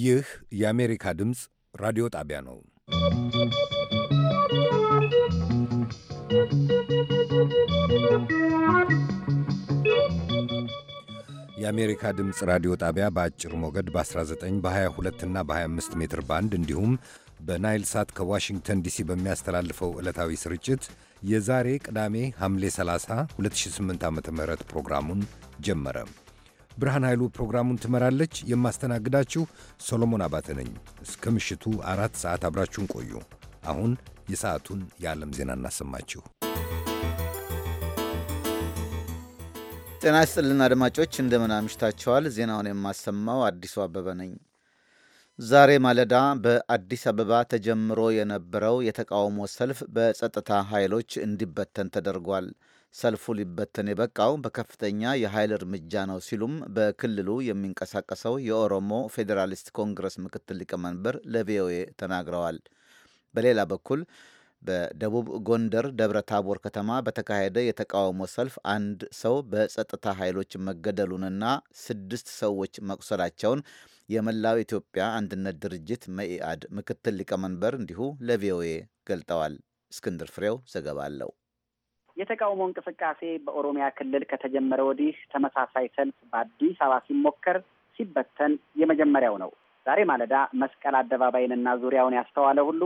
ይህ የአሜሪካ ድምፅ ራዲዮ ጣቢያ ነው። የአሜሪካ ድምፅ ራዲዮ ጣቢያ በአጭር ሞገድ በ19 በ22 እና በ25 ሜትር ባንድ እንዲሁም በናይል ሳት ከዋሽንግተን ዲሲ በሚያስተላልፈው ዕለታዊ ስርጭት የዛሬ ቅዳሜ ሐምሌ 30 2008 ዓ ም ፕሮግራሙን ጀመረ። ብርሃን ኃይሉ ፕሮግራሙን ትመራለች። የማስተናግዳችሁ ሰሎሞን አባተ ነኝ። እስከ ምሽቱ አራት ሰዓት አብራችሁን ቆዩ። አሁን የሰዓቱን የዓለም ዜና እናሰማችሁ። ጤና ይስጥልን አድማጮች፣ እንደምን አምሽታችኋል። ዜናውን የማሰማው አዲሱ አበበ ነኝ። ዛሬ ማለዳ በአዲስ አበባ ተጀምሮ የነበረው የተቃውሞ ሰልፍ በጸጥታ ኃይሎች እንዲበተን ተደርጓል። ሰልፉ ሊበተን የበቃው በከፍተኛ የኃይል እርምጃ ነው ሲሉም በክልሉ የሚንቀሳቀሰው የኦሮሞ ፌዴራሊስት ኮንግረስ ምክትል ሊቀመንበር ለቪኦኤ ተናግረዋል። በሌላ በኩል በደቡብ ጎንደር ደብረ ታቦር ከተማ በተካሄደ የተቃውሞ ሰልፍ አንድ ሰው በጸጥታ ኃይሎች መገደሉንና ስድስት ሰዎች መቁሰላቸውን የመላው ኢትዮጵያ አንድነት ድርጅት መኢአድ ምክትል ሊቀመንበር እንዲሁ ለቪኦኤ ገልጠዋል። እስክንድር ፍሬው ዘገባ አለው። የተቃውሞ እንቅስቃሴ በኦሮሚያ ክልል ከተጀመረ ወዲህ ተመሳሳይ ሰልፍ በአዲስ አበባ ሲሞከር ሲበተን የመጀመሪያው ነው። ዛሬ ማለዳ መስቀል አደባባይንና ዙሪያውን ያስተዋለ ሁሉ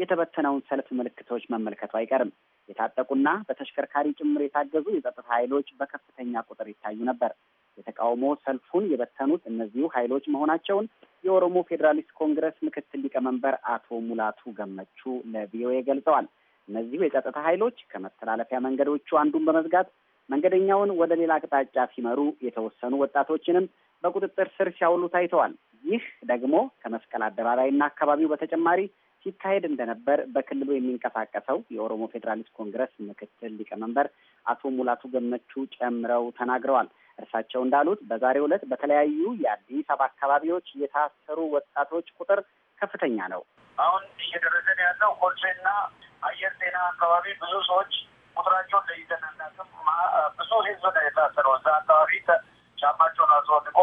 የተበተነውን ሰልፍ ምልክቶች መመልከቱ አይቀርም። የታጠቁና በተሽከርካሪ ጭምር የታገዙ የጸጥታ ኃይሎች በከፍተኛ ቁጥር ይታዩ ነበር። የተቃውሞ ሰልፉን የበተኑት እነዚሁ ኃይሎች መሆናቸውን የኦሮሞ ፌዴራሊስት ኮንግረስ ምክትል ሊቀመንበር አቶ ሙላቱ ገመቹ ለቪኦኤ ገልጸዋል። እነዚሁ የጸጥታ ኃይሎች ከመተላለፊያ መንገዶቹ አንዱን በመዝጋት መንገደኛውን ወደ ሌላ አቅጣጫ ሲመሩ፣ የተወሰኑ ወጣቶችንም በቁጥጥር ስር ሲያውሉ ታይተዋል። ይህ ደግሞ ከመስቀል አደባባይና አካባቢው በተጨማሪ ሲካሄድ እንደነበር በክልሉ የሚንቀሳቀሰው የኦሮሞ ፌዴራሊስት ኮንግረስ ምክትል ሊቀመንበር አቶ ሙላቱ ገመቹ ጨምረው ተናግረዋል። እርሳቸው እንዳሉት በዛሬው ዕለት በተለያዩ የአዲስ አበባ አካባቢዎች የታሰሩ ወጣቶች ቁጥር ከፍተኛ ነው። አሁን እየደረሰን ያለው ኮልፌና አየር ጤና አካባቢ ብዙ ሰዎች ቁጥራቸውን ለይተን እናቅም። ብዙ ህዝብ ነው የታሰረው እዛ አካባቢ ጫማቸውን አስወልቆ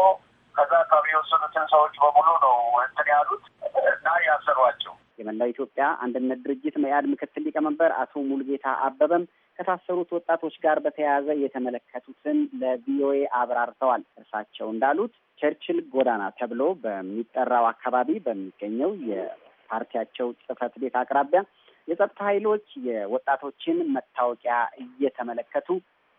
ከዛ አካባቢ የወሰዱትን ሰዎች በሙሉ ነው እንትን ያሉት እና ያሰሯቸው። የመላው ኢትዮጵያ አንድነት ድርጅት መኢአድ ምክትል ሊቀመንበር አቶ ሙልጌታ አበበም ከታሰሩት ወጣቶች ጋር በተያያዘ የተመለከቱትን ለቪኦኤ አብራርተዋል። እርሳቸው እንዳሉት ቸርችል ጎዳና ተብሎ በሚጠራው አካባቢ በሚገኘው የፓርቲያቸው ጽህፈት ቤት አቅራቢያ የጸጥታ ኃይሎች የወጣቶችን መታወቂያ እየተመለከቱ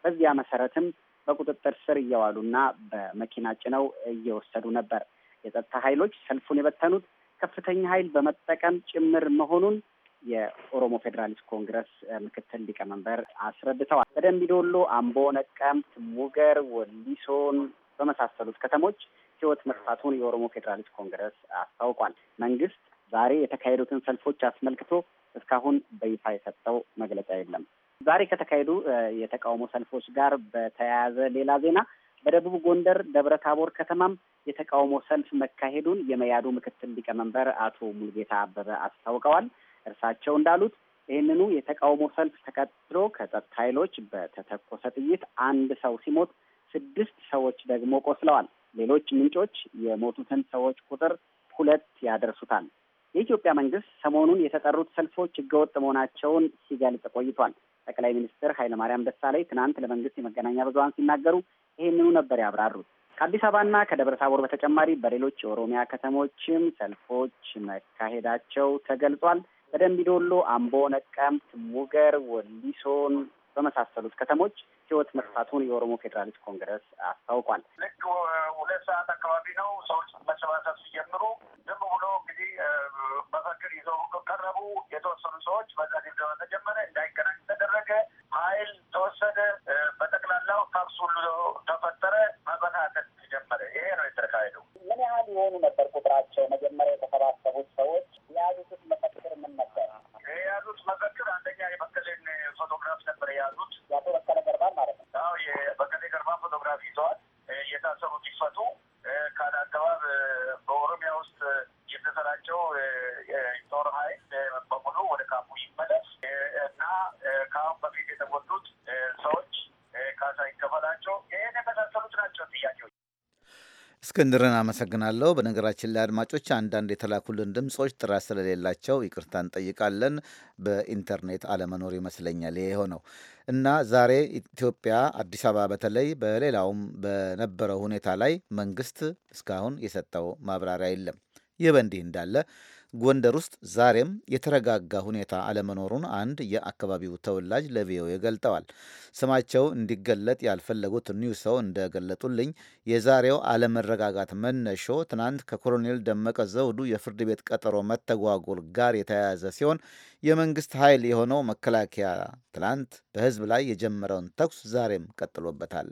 በዚያ መሰረትም በቁጥጥር ስር እየዋሉና በመኪና ጭነው እየወሰዱ ነበር። የጸጥታ ኃይሎች ሰልፉን የበተኑት ከፍተኛ ኃይል በመጠቀም ጭምር መሆኑን የኦሮሞ ፌዴራሊስት ኮንግረስ ምክትል ሊቀመንበር አስረድተዋል። በደምቢ ዶሎ፣ አምቦ፣ ነቀምት፣ ሙገር፣ ወሊሶን በመሳሰሉት ከተሞች ህይወት መጥፋቱን የኦሮሞ ፌዴራሊስት ኮንግረስ አስታውቋል። መንግስት ዛሬ የተካሄዱትን ሰልፎች አስመልክቶ እስካሁን በይፋ የሰጠው መግለጫ የለም። ዛሬ ከተካሄዱ የተቃውሞ ሰልፎች ጋር በተያያዘ ሌላ ዜና በደቡብ ጎንደር ደብረ ታቦር ከተማም የተቃውሞ ሰልፍ መካሄዱን የመያዱ ምክትል ሊቀመንበር አቶ ሙልጌታ አበበ አስታውቀዋል። እርሳቸው እንዳሉት ይህንኑ የተቃውሞ ሰልፍ ተከትሎ ከጸጥታ ኃይሎች በተተኮሰ ጥይት አንድ ሰው ሲሞት ስድስት ሰዎች ደግሞ ቆስለዋል። ሌሎች ምንጮች የሞቱትን ሰዎች ቁጥር ሁለት ያደርሱታል። የኢትዮጵያ መንግስት ሰሞኑን የተጠሩት ሰልፎች ህገወጥ መሆናቸውን ሲገልጽ ቆይቷል። ጠቅላይ ሚኒስትር ኃይለማርያም ደሳለኝ ትናንት ለመንግስት የመገናኛ ብዙሀን ሲናገሩ ይህንኑ ነበር ያብራሩት። ከአዲስ አበባና ከደብረ ታቦር በተጨማሪ በሌሎች የኦሮሚያ ከተሞችም ሰልፎች መካሄዳቸው ተገልጿል። በደምቢዶሎ፣ አምቦ፣ ነቀምት፣ ሙገር፣ ወሊሶን በመሳሰሉት ከተሞች ህይወት መጥፋቱን የኦሮሞ ፌዴራሊስት ኮንግረስ አስታውቋል። ልክ ሁለት ሰዓት አካባቢ ነው ሰዎች መሰባሰብ ሲጀምሩ ዝም ብሎ እንግዲህ መፈክር ይዘው ቀረቡ። የተወሰኑ ሰዎች በዛ ድብደባ ተጀመረ። እንዳይገናኝ ተደረገ። ኃይል ተወሰደ። በጠቅላላው ታክስ ሁሉ ተፈጠረ። መበታተን ተጀመረ። ይሄ ነው የተካሄደው። ምን ያህል የሆኑ ነበር ቁጥራቸው? መጀመሪያ የተሰባሰቡት ሰዎች የያዙትስ መፈክር ምን ነበር? የያዙት መፈክር አንደኛ የመቀሌን ፎቶግራፍ ነበር የያዙት። ያቶ በቀለ ገርባን ማለት ነው። አዎ የበቀለ ገርባን ፎቶግራፍ ይዘዋል። የታሰሩት ይፈቱ፣ ካለ አግባብ በኦሮሚያ ውስጥ የተሰራቸው የጦር ኃይል በሙሉ ወደ ካምፑ ይመለስ እና ከአሁን በፊት የተጎዱት ሰዎች ካሳ ይከፈላቸው። ይህን የመሳሰሉት ናቸው ጥያቄዎች። እስክንድርን አመሰግናለሁ። በነገራችን ላይ አድማጮች አንዳንድ የተላኩልን ድምፆች ጥራት ስለሌላቸው ይቅርታ እንጠይቃለን። በኢንተርኔት አለመኖር ይመስለኛል ይሄ የሆነው እና ዛሬ ኢትዮጵያ አዲስ አበባ በተለይ በሌላውም በነበረው ሁኔታ ላይ መንግስት እስካሁን የሰጠው ማብራሪያ የለም። ይህ በእንዲህ እንዳለ ጎንደር ውስጥ ዛሬም የተረጋጋ ሁኔታ አለመኖሩን አንድ የአካባቢው ተወላጅ ለቪኦኤ ገልጠዋል። ስማቸው እንዲገለጥ ያልፈለጉት ኒው ሰው እንደገለጡልኝ የዛሬው አለመረጋጋት መነሾ ትናንት ከኮሎኔል ደመቀ ዘውዱ የፍርድ ቤት ቀጠሮ መተጓጎል ጋር የተያያዘ ሲሆን የመንግስት ኃይል የሆነው መከላከያ ትናንት በህዝብ ላይ የጀመረውን ተኩስ ዛሬም ቀጥሎበታል።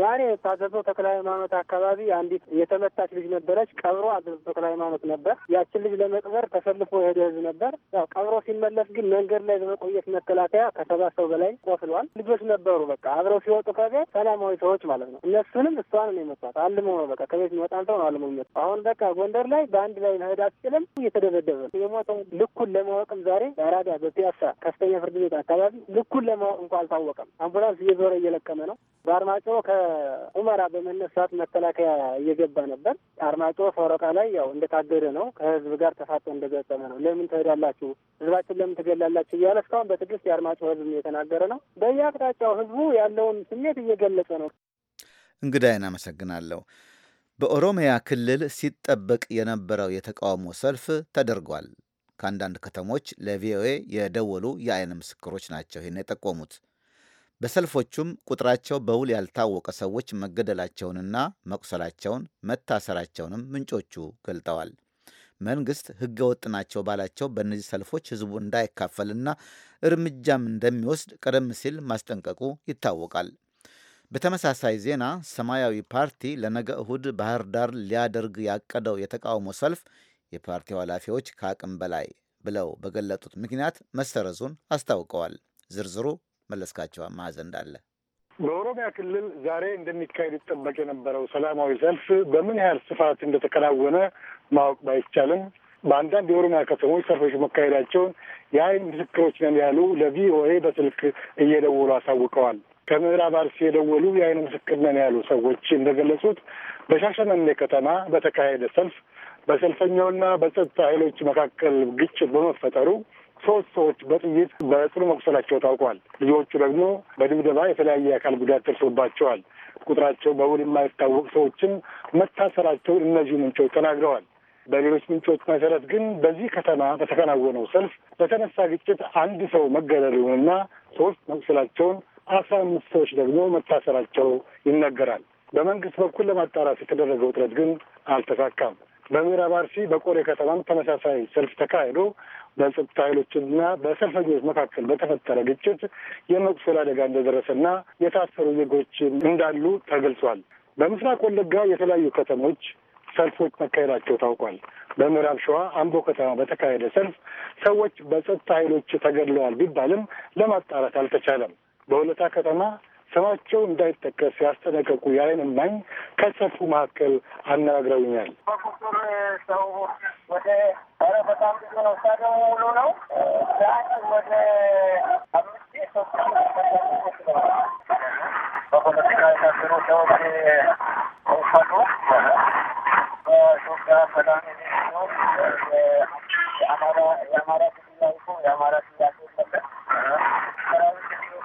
ዛሬ ታዘዞ ተክለ ሃይማኖት አካባቢ አንዲት የተመታች ልጅ ነበረች። ቀብሮ አዘዞ ተክለ ሃይማኖት ነበር። ያችን ልጅ ለመቅበር ተሰልፎ የሄደ ህዝብ ነበር። ያው ቀብሮ ሲመለስ ግን መንገድ ላይ በመቆየት መከላከያ ከሰባት ሰው በላይ ቆስሏል። ልጆች ነበሩ። በቃ አብረው ሲወጡ ከቤት ሰላማዊ ሰዎች ማለት ነው። እነሱንም እሷን ነው የመቷት። አልሞ ነው በቃ ከቤት የሚወጣን ሰው ነው አልሞ የሚመ አሁን በቃ ጎንደር ላይ በአንድ ላይ መሄድ አስችልም እየተደበደበ ነው የሞተው። ልኩን ለማወቅም ዛሬ በአራዳ በፒያሳ ከፍተኛ ፍርድ ቤት አካባቢ ልኩን ለማወቅ እንኳ አልታወቀም። አምቡላንስ እየዞረ እየለቀመ ነው በአርማጭሆ ከሁመራ በመነሳት መከላከያ እየገባ ነበር። አርማጮ ፈረቃ ላይ ያው እንደታገደ ነው። ከህዝብ ጋር ተፋጦ እንደገጠመ ነው። ለምን ትሄዳላችሁ? ህዝባችን ለምን ትገላላችሁ? እያለ እስካሁን በትዕግስት የአርማጮ ህዝብ እየተናገረ ነው። በየአቅጣጫው ህዝቡ ያለውን ስሜት እየገለጸ ነው። እንግዳይን አመሰግናለሁ። በኦሮሚያ ክልል ሲጠበቅ የነበረው የተቃውሞ ሰልፍ ተደርጓል። ከአንዳንድ ከተሞች ለቪኦኤ የደወሉ የአይን ምስክሮች ናቸው ይህን የጠቆሙት። በሰልፎቹም ቁጥራቸው በውል ያልታወቀ ሰዎች መገደላቸውንና መቁሰላቸውን መታሰራቸውንም ምንጮቹ ገልጠዋል። መንግስት ህገወጥ ናቸው ባላቸው በእነዚህ ሰልፎች ህዝቡ እንዳይካፈልና እርምጃም እንደሚወስድ ቀደም ሲል ማስጠንቀቁ ይታወቃል። በተመሳሳይ ዜና ሰማያዊ ፓርቲ ለነገ እሁድ ባህር ዳር ሊያደርግ ያቀደው የተቃውሞ ሰልፍ የፓርቲው ኃላፊዎች ከአቅም በላይ ብለው በገለጡት ምክንያት መሰረዙን አስታውቀዋል። ዝርዝሩ መለስካቸው ማዘ እንዳለ በኦሮሚያ ክልል ዛሬ እንደሚካሄድ ይጠበቅ የነበረው ሰላማዊ ሰልፍ በምን ያህል ስፋት እንደተከናወነ ማወቅ ባይቻልም በአንዳንድ የኦሮሚያ ከተሞች ሰልፎች መካሄዳቸውን የአይን ምስክሮች ነን ያሉ ለቪኦኤ በስልክ እየደወሉ አሳውቀዋል። ከምዕራብ አርሲ የደወሉ የአይን ምስክር ነን ያሉ ሰዎች እንደገለጹት በሻሸመኔ ከተማ በተካሄደ ሰልፍ በሰልፈኛውና በጸጥታ ኃይሎች መካከል ግጭት በመፈጠሩ ሶስት ሰዎች በጥይት በጽኑ መቁሰላቸው ታውቋል። ልጆቹ ደግሞ በድብደባ የተለያየ የአካል ጉዳት ደርሶባቸዋል። ቁጥራቸው በውል የማይታወቅ ሰዎችም መታሰራቸውን እነዚሁ ምንጮች ተናግረዋል። በሌሎች ምንጮች መሰረት ግን በዚህ ከተማ በተከናወነው ሰልፍ በተነሳ ግጭት አንድ ሰው መገደሉንና ሶስት መቁሰላቸውን አስራ አምስት ሰዎች ደግሞ መታሰራቸው ይነገራል። በመንግስት በኩል ለማጣራት የተደረገው ጥረት ግን አልተሳካም። በምዕራብ አርሲ በቆሌ ከተማም ተመሳሳይ ሰልፍ ተካሂዶ በጸጥታ ኃይሎችና በሰልፈኞች መካከል በተፈጠረ ግጭት የመቁሰል አደጋ እንደደረሰና የታሰሩ ዜጎች እንዳሉ ተገልጿል። በምስራቅ ወለጋ የተለያዩ ከተሞች ሰልፎች መካሄዳቸው ታውቋል። በምዕራብ ሸዋ አምቦ ከተማ በተካሄደ ሰልፍ ሰዎች በጸጥታ ኃይሎች ተገድለዋል ቢባልም ለማጣራት አልተቻለም። በሁለታ ከተማ ስማቸው እንዳይጠቀስ ያስጠነቀቁ የዓይን እማኝ ከሰልፉ መካከል አነጋግረውኛል። በቁጥር ሰው ወደ ኧረ በጣም ብዙ ነው። ስታዲየሙ ሙሉ ነው። ዛት ወደ አምስት በፖለቲካ የታሰሩ ሰዎች ፈቱ በኢትዮጵያ ሰላም የሚኖ የአማራ የአማራ ክልል ያልኩ የአማራ ክልል ያልኩ ሰራዊት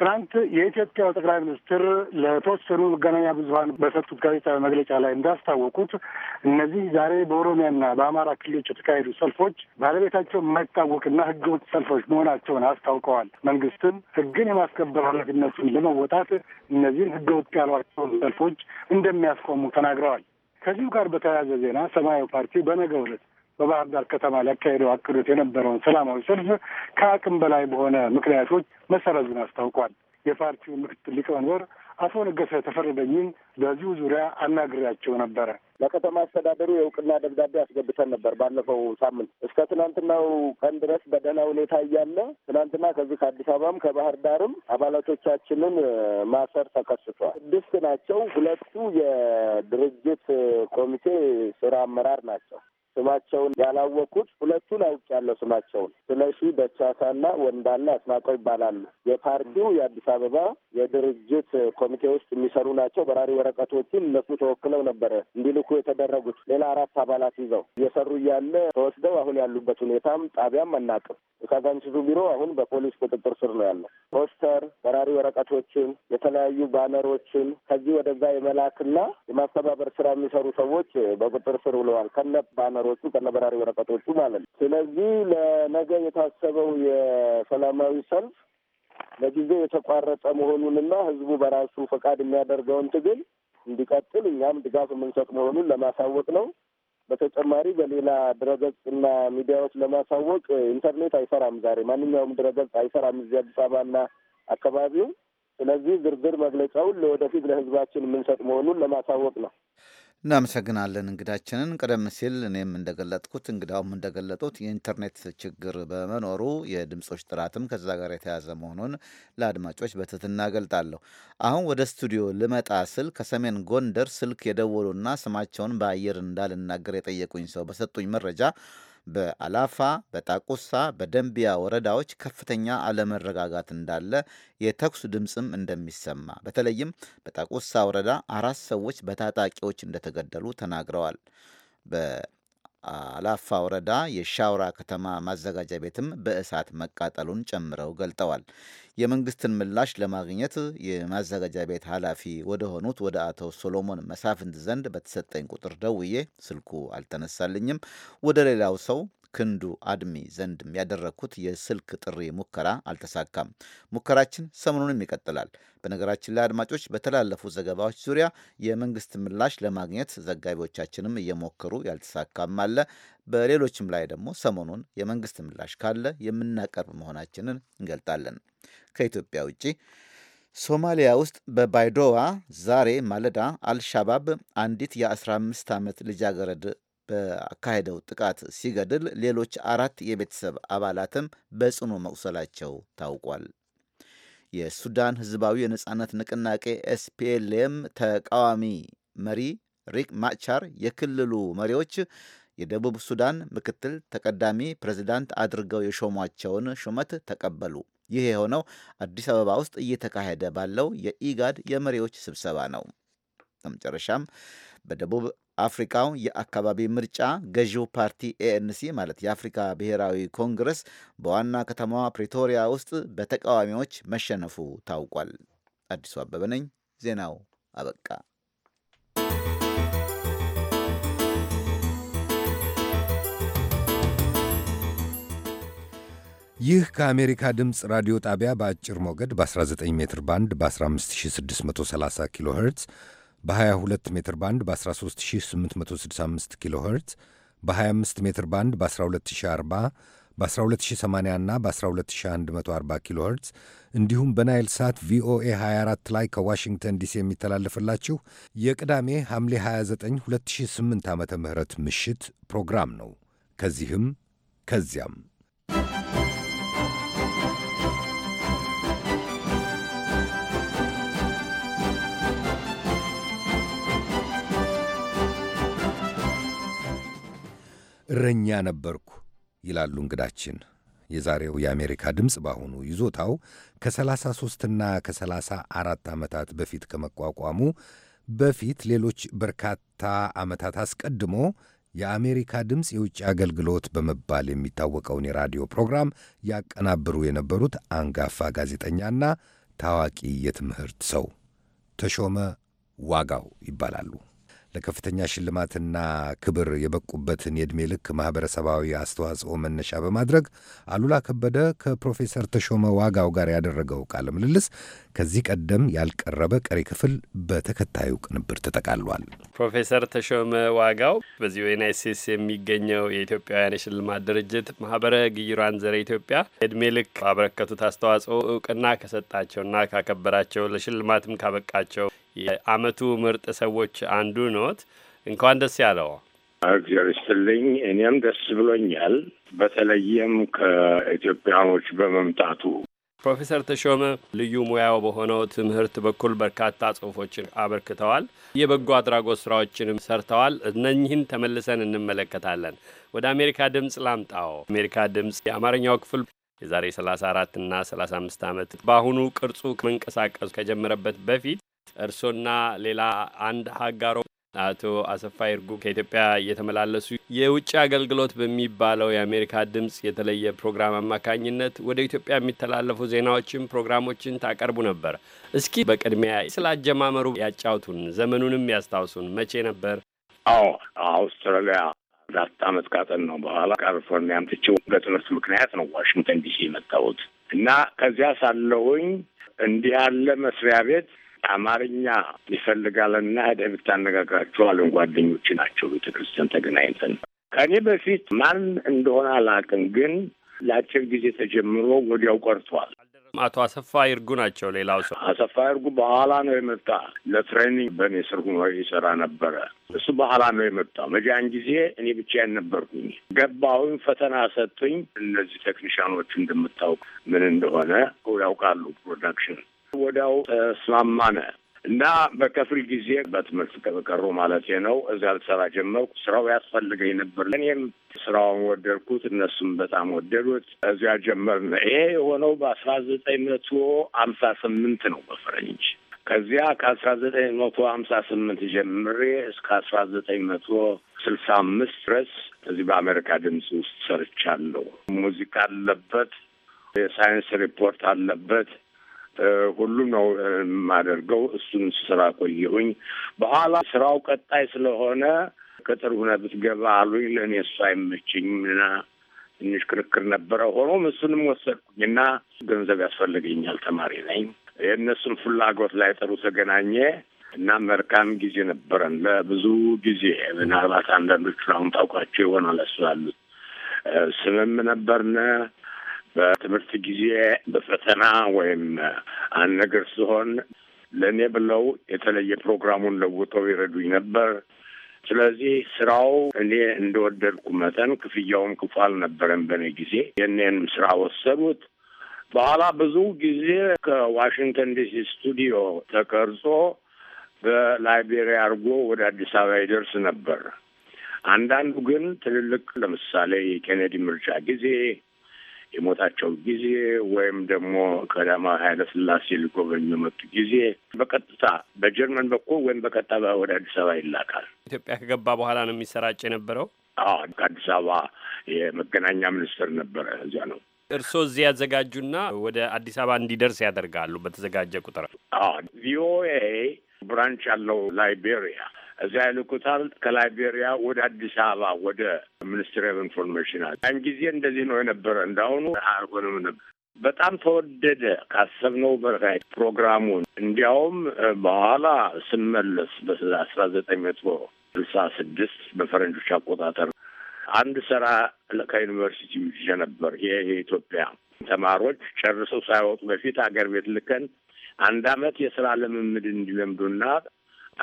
ትናንት የኢትዮጵያው ጠቅላይ ሚኒስትር ለተወሰኑ መገናኛ ብዙኃን በሰጡት ጋዜጣዊ መግለጫ ላይ እንዳስታወቁት እነዚህ ዛሬ በኦሮሚያና በአማራ ክልሎች የተካሄዱ ሰልፎች ባለቤታቸው የማይታወቅና ህገወጥ ሰልፎች መሆናቸውን አስታውቀዋል። መንግስትም ህግን የማስከበር ኃላፊነቱን ለመወጣት እነዚህን ህገወጥ ያሏቸውን ሰልፎች እንደሚያስቆሙ ተናግረዋል። ከዚሁ ጋር በተያያዘ ዜና ሰማያዊ ፓርቲ በነገ ዕለት በባህር ዳር ከተማ ሊያካሄደው አቅዶት የነበረውን ሰላማዊ ሰልፍ ከአቅም በላይ በሆነ ምክንያቶች መሰረዙን አስታውቋል። የፓርቲው ምክትል ሊቀመንበር አቶ ነገሰ ተፈረደኝን በዚሁ ዙሪያ አናግሬያቸው ነበረ። ለከተማ አስተዳደሩ የእውቅና ደብዳቤ አስገብተን ነበር ባለፈው ሳምንት። እስከ ትናንትናው ቀን ድረስ በደህና ሁኔታ እያለ ትናንትና ከዚህ ከአዲስ አበባም ከባህር ዳርም አባላቶቻችንን ማሰር ተከስቷል። ስድስት ናቸው። ሁለቱ የድርጅት ኮሚቴ ስራ አመራር ናቸው። ስማቸውን ያላወቅኩት ሁለቱን አውቄያለሁ። ስማቸውን ስለሺ በቻሳና ወንዳለ አስናቀው ይባላሉ። የፓርቲው የአዲስ አበባ የድርጅት ኮሚቴ ውስጥ የሚሰሩ ናቸው። በራሪ ወረቀቶችን እነሱ ተወክለው ነበረ እንዲልኩ የተደረጉት ሌላ አራት አባላት ይዘው እየሰሩ እያለ ተወስደው አሁን ያሉበት ሁኔታም ጣቢያም አናቅም። የካዛንችሱ ቢሮ አሁን በፖሊስ ቁጥጥር ስር ነው ያለው። ፖስተር፣ በራሪ ወረቀቶችን፣ የተለያዩ ባነሮችን ከዚህ ወደዛ የመላክና የማስተባበር ስራ የሚሰሩ ሰዎች በቁጥር ስር ውለዋል ከነ ባነ ቀመሮቹ ከነበራሪ ወረቀቶቹ ማለት ነው። ስለዚህ ለነገ የታሰበው የሰላማዊ ሰልፍ ለጊዜው የተቋረጠ መሆኑንና ህዝቡ በራሱ ፈቃድ የሚያደርገውን ትግል እንዲቀጥል እኛም ድጋፍ የምንሰጥ መሆኑን ለማሳወቅ ነው። በተጨማሪ በሌላ ድረገጽ እና ሚዲያዎች ለማሳወቅ ኢንተርኔት አይሰራም። ዛሬ ማንኛውም ድረገጽ አይሰራም እዚህ አዲስ አበባና አካባቢው። ስለዚህ ዝርዝር መግለጫውን ለወደፊት ለህዝባችን የምንሰጥ መሆኑን ለማሳወቅ ነው። እናመሰግናለን እንግዳችንን። ቀደም ሲል እኔም እንደገለጥኩት እንግዳውም እንደገለጡት የኢንተርኔት ችግር በመኖሩ የድምፆች ጥራትም ከዛ ጋር የተያዘ መሆኑን ለአድማጮች በትህትና እገልጣለሁ። አሁን ወደ ስቱዲዮ ልመጣ ስል ከሰሜን ጎንደር ስልክ የደወሉና ስማቸውን በአየር እንዳልናገር የጠየቁኝ ሰው በሰጡኝ መረጃ በአላፋ፣ በጣቁሳ፣ በደንቢያ ወረዳዎች ከፍተኛ አለመረጋጋት እንዳለ የተኩስ ድምፅም እንደሚሰማ በተለይም በጣቁሳ ወረዳ አራት ሰዎች በታጣቂዎች እንደተገደሉ ተናግረዋል። አላፋ ወረዳ የሻውራ ከተማ ማዘጋጃ ቤትም በእሳት መቃጠሉን ጨምረው ገልጠዋል። የመንግስትን ምላሽ ለማግኘት የማዘጋጃ ቤት ኃላፊ ወደ ሆኑት ወደ አቶ ሶሎሞን መሳፍንት ዘንድ በተሰጠኝ ቁጥር ደውዬ ስልኩ አልተነሳልኝም። ወደ ሌላው ሰው ክንዱ አድሚ ዘንድም ያደረግኩት የስልክ ጥሪ ሙከራ አልተሳካም። ሙከራችን ሰሞኑንም ይቀጥላል። በነገራችን ላይ አድማጮች በተላለፉ ዘገባዎች ዙሪያ የመንግስት ምላሽ ለማግኘት ዘጋቢዎቻችንም እየሞከሩ ያልተሳካም አለ። በሌሎችም ላይ ደግሞ ሰሞኑን የመንግስት ምላሽ ካለ የምናቀርብ መሆናችንን እንገልጣለን። ከኢትዮጵያ ውጪ ሶማሊያ ውስጥ በባይዶዋ ዛሬ ማለዳ አልሻባብ አንዲት የ15 ዓመት ልጃገረድ በአካሄደው ጥቃት ሲገድል ሌሎች አራት የቤተሰብ አባላትም በጽኑ መቁሰላቸው ታውቋል። የሱዳን ህዝባዊ የነጻነት ንቅናቄ ኤስፒኤልኤም ተቃዋሚ መሪ ሪክ ማቻር የክልሉ መሪዎች የደቡብ ሱዳን ምክትል ተቀዳሚ ፕሬዚዳንት አድርገው የሾሟቸውን ሹመት ተቀበሉ። ይህ የሆነው አዲስ አበባ ውስጥ እየተካሄደ ባለው የኢጋድ የመሪዎች ስብሰባ ነው። በመጨረሻም በደቡብ አፍሪካው የአካባቢ ምርጫ ገዢው ፓርቲ ኤኤንሲ ማለት የአፍሪካ ብሔራዊ ኮንግረስ በዋና ከተማዋ ፕሪቶሪያ ውስጥ በተቃዋሚዎች መሸነፉ ታውቋል። አዲሱ አበበ ነኝ። ዜናው አበቃ። ይህ ከአሜሪካ ድምፅ ራዲዮ ጣቢያ በአጭር ሞገድ በ19 ሜትር ባንድ በ15630 ኪሎ ኸርትዝ በ22 ሜትር ባንድ በ13865 ኪሎ ኸርትዝ በ25 ሜትር ባንድ በ 1240 በ 1280 እና በ12140 ኪሎ ኸርትዝ እንዲሁም በናይል ሳት ቪኦኤ 24 ላይ ከዋሽንግተን ዲሲ የሚተላለፍላችሁ የቅዳሜ ሐምሌ 29 2008 ዓ ም ምሽት ፕሮግራም ነው። ከዚህም ከዚያም እረኛ ነበርኩ ይላሉ እንግዳችን። የዛሬው የአሜሪካ ድምፅ በአሁኑ ይዞታው ከ33ና ከ34 ዓመታት በፊት ከመቋቋሙ በፊት ሌሎች በርካታ ዓመታት አስቀድሞ የአሜሪካ ድምፅ የውጭ አገልግሎት በመባል የሚታወቀውን የራዲዮ ፕሮግራም ያቀናብሩ የነበሩት አንጋፋ ጋዜጠኛና ታዋቂ የትምህርት ሰው ተሾመ ዋጋው ይባላሉ። ለከፍተኛ ሽልማትና ክብር የበቁበትን የዕድሜ ልክ ማኅበረሰባዊ አስተዋጽኦ መነሻ በማድረግ አሉላ ከበደ ከፕሮፌሰር ተሾመ ዋጋው ጋር ያደረገው ቃለ ምልልስ ከዚህ ቀደም ያልቀረበ ቀሪ ክፍል በተከታዩ ቅንብር ተጠቃሏል። ፕሮፌሰር ተሾመ ዋጋው በዚህ በዩናይት ስቴትስ የሚገኘው የኢትዮጵያውያን የሽልማት ድርጅት ማኅበረ ግይሯን ዘረ ኢትዮጵያ የዕድሜ ልክ ባበረከቱት አስተዋጽኦ እውቅና ከሰጣቸውና ካከበራቸው ለሽልማትም ካበቃቸው የአመቱ ምርጥ ሰዎች አንዱ ኖት። እንኳን ደስ ያለው። እግዚአብሔር ይስጥልኝ። እኔም ደስ ብሎኛል፣ በተለይም ከኢትዮጵያኖች በመምጣቱ። ፕሮፌሰር ተሾመ ልዩ ሙያው በሆነው ትምህርት በኩል በርካታ ጽሁፎችን አበርክተዋል። የበጎ አድራጎት ስራዎችንም ሰርተዋል። እነኚህን ተመልሰን እንመለከታለን። ወደ አሜሪካ ድምፅ ላምጣው። አሜሪካ ድምፅ የአማርኛው ክፍል የዛሬ 34 እና 35 ዓመት በአሁኑ ቅርጹ መንቀሳቀሱ ከጀመረበት በፊት እርሶና ሌላ አንድ ሀጋሮ አቶ አሰፋ ይርጉ ከኢትዮጵያ እየተመላለሱ የውጭ አገልግሎት በሚባለው የአሜሪካ ድምፅ የተለየ ፕሮግራም አማካኝነት ወደ ኢትዮጵያ የሚተላለፉ ዜናዎችን፣ ፕሮግራሞችን ታቀርቡ ነበር። እስኪ በቅድሚያ ስለ አጀማመሩ ያጫውቱን፣ ዘመኑንም ያስታውሱን። መቼ ነበር? አዎ አውስትራሊያ አራት አመት ካጠን ነው በኋላ ካሊፎርኒያም ትቼው በትምህርት ምክንያት ነው ዋሽንግተን ዲሲ የመጣሁት እና ከዚያ ሳለሁኝ እንዲህ ያለ መስሪያ ቤት አማርኛ ይፈልጋልና ሄደህ ብታነጋግራቸው አለን። ጓደኞች ናቸው። ቤተክርስቲያን ተገናኝተን ከእኔ በፊት ማን እንደሆነ አላውቅም፣ ግን ለአጭር ጊዜ ተጀምሮ ወዲያው ቀርቷል። አቶ አሰፋ ይርጉ ናቸው። ሌላው ሰው አሰፋ ይርጉ በኋላ ነው የመጣ። ለትሬኒንግ በእኔ ስር ሆኖ ይሰራ ነበረ። እሱ በኋላ ነው የመጣ። መጃን ጊዜ እኔ ብቻዬን ነበርኩኝ። ገባሁኝ፣ ፈተና ሰጡኝ። እነዚህ ቴክኒሽያኖች እንደምታውቅ ምን እንደሆነ ያውቃሉ ፕሮዳክሽን ወዲያው ተስማማነ እና በከፍል ጊዜ በትምህርት ከቀሩ ማለት ነው እዚያ ልሰራ ጀመርኩ። ስራው ያስፈልገኝ ነበር። እኔም ስራውን ወደድኩት፣ እነሱም በጣም ወደዱት። እዚያ ጀመርን። ይሄ የሆነው በአስራ ዘጠኝ መቶ አምሳ ስምንት ነው በፈረንጅ ከዚያ ከአስራ ዘጠኝ መቶ ሀምሳ ስምንት ጀምሬ እስከ አስራ ዘጠኝ መቶ ስልሳ አምስት ድረስ እዚህ በአሜሪካ ድምፅ ውስጥ ሰርቻለሁ። ሙዚቃ አለበት፣ የሳይንስ ሪፖርት አለበት ሁሉም ነው የማደርገው። እሱን ስራ ቆየሁኝ። በኋላ ስራው ቀጣይ ስለሆነ ቅጥር ሁነ ብትገባ አሉኝ። ለእኔ እሱ አይመችኝም እና ትንሽ ክርክር ነበረ። ሆኖም እሱንም ወሰድኩኝ እና ገንዘብ ያስፈልገኛል፣ ተማሪ ነኝ። የእነሱን ፍላጎት ላይ ጥሩ ተገናኘ እና መልካም ጊዜ ነበረን ለብዙ ጊዜ። ምናልባት አንዳንዶቹ አሁን ታውቋቸው ይሆናል ያሉት ስምም ነበርነ በትምህርት ጊዜ በፈተና ወይም አንድ ነገር ሲሆን ለእኔ ብለው የተለየ ፕሮግራሙን ለውጠው ይረዱኝ ነበር። ስለዚህ ስራው እኔ እንደወደድኩ መጠን ክፍያውም ክፉ አልነበረም። በእኔ ጊዜ የእኔንም ስራ ወሰዱት። በኋላ ብዙ ጊዜ ከዋሽንግተን ዲሲ ስቱዲዮ ተቀርጾ በላይቤሪያ አድርጎ ወደ አዲስ አበባ ይደርስ ነበር። አንዳንዱ ግን ትልልቅ ለምሳሌ የኬኔዲ ምርጫ ጊዜ የሞታቸው ጊዜ ወይም ደግሞ ቀዳማዊ ኃይለሥላሴ ሊጎበኙ የመጡ ጊዜ በቀጥታ በጀርመን በኩል ወይም በቀጥታ ወደ አዲስ አበባ ይላካል። ኢትዮጵያ ከገባ በኋላ ነው የሚሰራጭ የነበረው። ከአዲስ አበባ የመገናኛ ሚኒስትር ነበረ። እዚያ ነው እርስዎ እዚህ ያዘጋጁና ወደ አዲስ አበባ እንዲደርስ ያደርጋሉ። በተዘጋጀ ቁጥር ቪኦኤ ብራንች ያለው ላይቤሪያ እዚያ ይልኩታል። ከላይቤሪያ ወደ አዲስ አበባ ወደ ሚኒስትሪ ኦፍ ኢንፎርሜሽን ያን ጊዜ እንደዚህ ነው የነበረ። እንዳሁኑ አይሆንም ነበር። በጣም ተወደደ ካሰብነው በላይ ፕሮግራሙን። እንዲያውም በኋላ ስመለስ በአስራ ዘጠኝ መቶ ስልሳ ስድስት በፈረንጆች አቆጣጠር አንድ ስራ ከዩኒቨርሲቲ ይዤ ነበር። ይሄ የኢትዮጵያ ተማሪዎች ጨርሰው ሳይወጡ በፊት ሀገር ቤት ልከን አንድ አመት የስራ ልምምድ እንዲለምዱና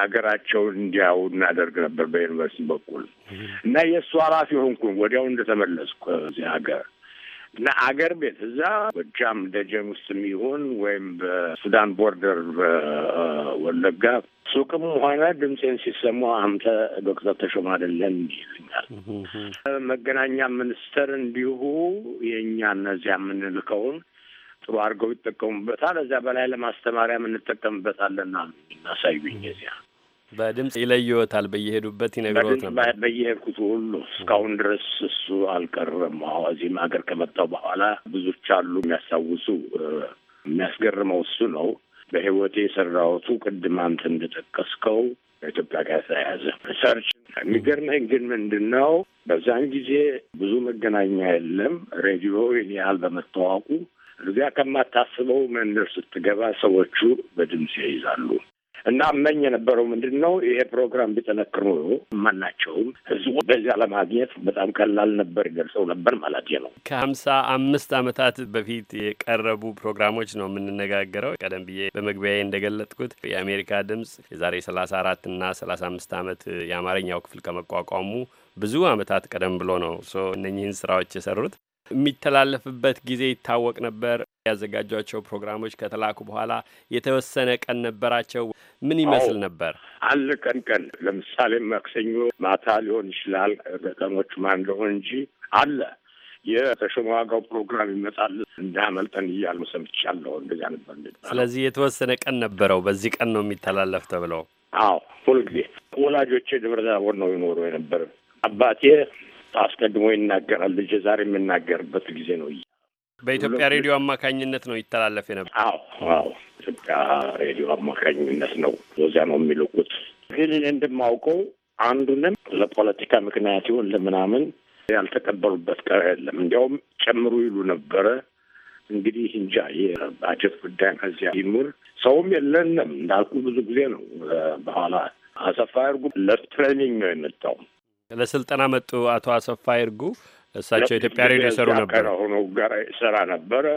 ሀገራቸውን እንዲያው እናደርግ ነበር በዩኒቨርሲቲ በኩል እና የእሱ ኃላፊ ሆንኩ ወዲያው እንደተመለስኩ እዚህ ሀገር እና አገር ቤት እዛ ጎጃም ደጀን ውስጥ የሚሆን ወይም በሱዳን ቦርደር በወለጋ ሱቅም ሆነ ድምፄን ሲሰሙ አንተ ዶክተር ተሾም አይደለን ይሉኛል። መገናኛ ሚኒስቴር እንዲሁ የእኛ እነዚያ የምንልከውን ጥሩ አድርገው ይጠቀሙበታል። እዚያ በላይ ለማስተማሪያም እንጠቀምበታለን አሉ። እናሳዩኝ እዚያ በድምጽ ይለየዎታል። በየሄዱበት ይነግሮት ነበር። በየሄድኩት ሁሉ እስካሁን ድረስ እሱ አልቀረም። እዚህም ሀገር ከመጣው በኋላ ብዙዎች አሉ የሚያስታውሱ። የሚያስገርመው እሱ ነው። በህይወቴ የሰራሁቱ ቅድም አንተ እንደጠቀስከው ከኢትዮጵያ ጋር ተያያዘ ሪሰርች። የሚገርመኝ ግን ምንድን ነው በዛን ጊዜ ብዙ መገናኛ የለም። ሬዲዮ ይህን ያህል በመታወቁ እዚያ ከማታስበው መንደር ስትገባ ሰዎቹ በድምፅ ይይዛሉ። እና መኝ የነበረው ምንድን ነው ይሄ ፕሮግራም ቢጠነክሩ ማናቸውም ህዝቡ በዚያ ለማግኘት በጣም ቀላል ነበር፣ ይደርሰው ነበር ማለት ነው። ከሀምሳ አምስት ዓመታት በፊት የቀረቡ ፕሮግራሞች ነው የምንነጋገረው። ቀደም ብዬ በመግቢያዬ እንደገለጥኩት የአሜሪካ ድምፅ የዛሬ ሰላሳ አራት እና ሰላሳ አምስት ዓመት የአማርኛው ክፍል ከመቋቋሙ ብዙ አመታት ቀደም ብሎ ነው እነኚህን ስራዎች የሰሩት። የሚተላለፍበት ጊዜ ይታወቅ ነበር። ያዘጋጇቸው ፕሮግራሞች ከተላኩ በኋላ የተወሰነ ቀን ነበራቸው። ምን ይመስል ነበር? አንድ ቀን ቀን ለምሳሌ ማክሰኞ ማታ ሊሆን ይችላል። በቀኖቹ ማን ለሆን እንጂ አለ የተሾመ ዋጋው ፕሮግራም ይመጣል እንዳመልጠን እያሉ ሰምቻለሁ። እንደዚያ ነበር። ስለዚህ የተወሰነ ቀን ነበረው። በዚህ ቀን ነው የሚተላለፍ ተብለው። አዎ ሁልጊዜ ወላጆቼ ደብረ ታቦር ነው ይኖሩ የነበር። አባቴ አስቀድሞ ይናገራል። ልጄ ዛሬ የምናገርበት ጊዜ ነው በኢትዮጵያ ሬዲዮ አማካኝነት ነው ይተላለፍ ነበር። አዎ አዎ፣ ኢትዮጵያ ሬዲዮ አማካኝነት ነው ወዚያ ነው የሚልቁት። ግን እንደማውቀው አንዱንም ለፖለቲካ ምክንያት ይሁን ለምናምን ያልተቀበሉበት ቀር የለም። እንዲያውም ጨምሩ ይሉ ነበረ። እንግዲህ እንጃ የባጀት ጉዳይ ከዚያ ይኑር ሰውም የለንም እንዳልኩ ብዙ ጊዜ ነው። በኋላ አሰፋ እርጉ ለትሬኒንግ ነው የመጣው። ለስልጠና መጡ አቶ አሰፋ እርጉ እሳቸው ኢትዮጵያ ሬዲዮ ሰሩ ነበር ሆነው ጋር ሰራ ነበረ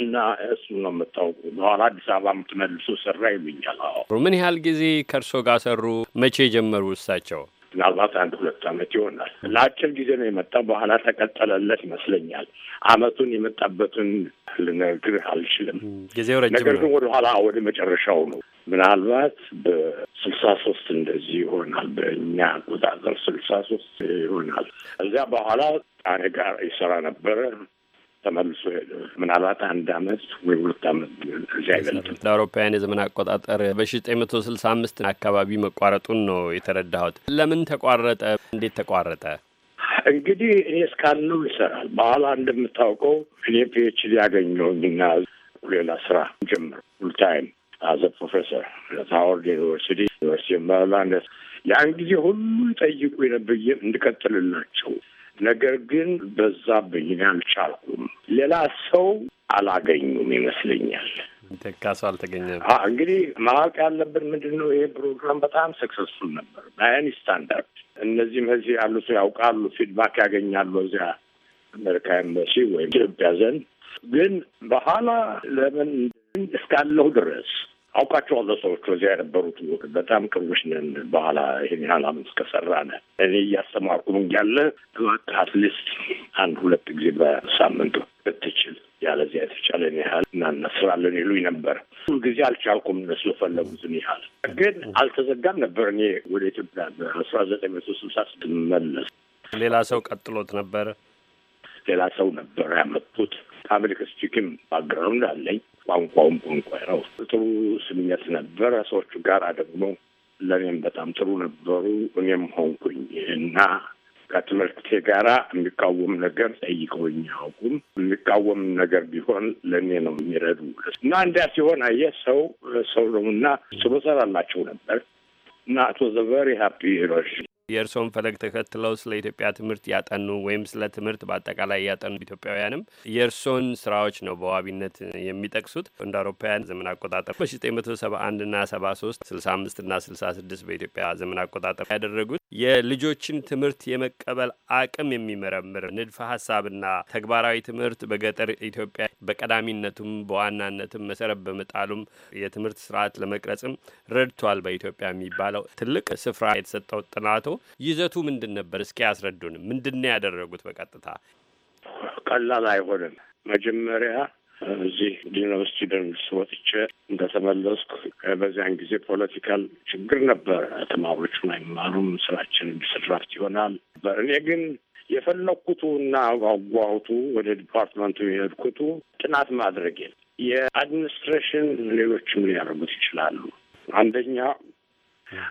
እና እሱ ነው የምታውቁ። በኋላ አዲስ አበባ የምትመልሱ ስራ ይሉኛል። አዎ ምን ያህል ጊዜ ከእርሶ ጋር ሰሩ? መቼ ጀመሩ እሳቸው? ምናልባት አንድ ሁለት ዓመት ይሆናል። ለአጭር ጊዜ ነው የመጣ በኋላ ተቀጠለለት ይመስለኛል። ዓመቱን የመጣበትን ልነግርህ አልችልም። ጊዜው ረጅም ነገር ግን ወደኋላ ወደ መጨረሻው ነው። ምናልባት በስልሳ ሶስት እንደዚህ ይሆናል በእኛ አቆጣጠር ስልሳ ሶስት ይሆናል። እዚያ በኋላ ጣኔ ጋር ይሰራ ነበረ ተመልሶ ሄደ። ምናልባት አንድ አመት ወይ ሁለት አመት እዚ አይበለጥም። ለአውሮፓውያን የዘመን አቆጣጠር በሺ መቶ ስልሳ አምስት አካባቢ መቋረጡን ነው የተረዳሁት። ለምን ተቋረጠ? እንዴት ተቋረጠ? እንግዲህ እኔ እስካለው ይሰራል። በኋላ እንደምታውቀው እኔ ፒኤችዲ ያገኘሁኝና ሌላ ስራ ጀምር ፉልታይም አዘ ፕሮፌሰር ሃዋርድ ዩኒቨርሲቲ ዩኒቨርሲቲ ሜሪላንድ ያን ጊዜ ሁሉ ይጠይቁ የነብየ እንድቀጥልላቸው ነገር ግን በዛብኝ እኔ አልቻልኩም። ሌላ ሰው አላገኙም ይመስለኛል። ተካሱ አልተገኘም። እንግዲህ ማወቅ ያለብን ምንድን ነው፣ ይሄ ፕሮግራም በጣም ሰክሰስፉል ነበር በአይን ስታንዳርድ። እነዚህም እዚህ ያሉ ሰው ያውቃሉ፣ ፊድባክ ያገኛሉ እዚያ አሜሪካ ኤምባሲ ወይም ኢትዮጵያ ዘንድ። ግን በኋላ ለምን እስካለሁ ድረስ አውቃቸዋለሁ ሰዎች እዚያ የነበሩት በጣም ቅርቦች ነን። በኋላ ይህን ያህል አመት ነ እኔ እያስተማርኩም እያለ እባክህ አትሊስት አንድ ሁለት ጊዜ በሳምንቱ ብትችል ያለዚያ የተቻለን ያህል እናነስራለን ይሉኝ ነበር። ሁልጊዜ አልቻልኩም። እነሱ የፈለጉትን ያህል ግን አልተዘጋም ነበር። እኔ ወደ ኢትዮጵያ በአስራ ዘጠኝ መቶ ስልሳ ስትመለስ ሌላ ሰው ቀጥሎት ነበር። ሌላ ሰው ነበር ያመጡት። ፓብሊክ ስፒኪንግ ባክግራውንድ አለኝ ቋንቋውን ቋንቋ ነው። ጥሩ ስምኘት ነበረ። ሰዎቹ ጋር ደግሞ ለእኔም በጣም ጥሩ ነበሩ። እኔም ሆንኩኝ እና ከትምህርቴ ጋራ የሚቃወም ነገር ጠይቀውኝ አያውቁም። የሚቃወም ነገር ቢሆን ለእኔ ነው የሚረዱ እና እንዲያ ሲሆን አየ ሰው ሰው ነው እና ስሎ ሰራላቸው ነበር እና አቶ ዘቨሪ ሀፒ ሮሽ የእርስዎን ፈለግ ተከትለው ስለ ኢትዮጵያ ትምህርት ያጠኑ ወይም ስለ ትምህርት በአጠቃላይ ያጠኑ ኢትዮጵያውያንም የእርስዎን ስራዎች ነው በዋቢነት የሚጠቅሱት። እንደ አውሮፓውያን ዘመን አቆጣጠር በ1971 እና 73፣ 65 እና 66 በኢትዮጵያ ዘመን አቆጣጠር ያደረጉት የልጆችን ትምህርት የመቀበል አቅም የሚመረምር ንድፈ ሀሳብና ተግባራዊ ትምህርት በገጠር ኢትዮጵያ በቀዳሚነቱም በዋናነትም መሰረት በመጣሉም የትምህርት ስርዓት ለመቅረጽም ረድቷል በኢትዮጵያ የሚባለው ትልቅ ስፍራ የተሰጠው ጥናቶ ይዘቱ ምንድን ነበር? እስኪ ያስረዱን። ምንድን ነው ያደረጉት? በቀጥታ ቀላል አይሆንም። መጀመሪያ እዚህ ዩኒቨርሲቲ ደርስ ወጥቼ እንደተመለስኩ በዚያን ጊዜ ፖለቲካል ችግር ነበር። ተማሪዎቹን አይማሩም፣ ስራችን ዲስራፕት ይሆናል። እኔ ግን የፈለግኩቱ እና አጓሁቱ ወደ ዲፓርትመንቱ የሄድኩቱ ጥናት ማድረግ የአድሚኒስትሬሽን ሌሎችም ሊያደርጉት ይችላሉ። አንደኛ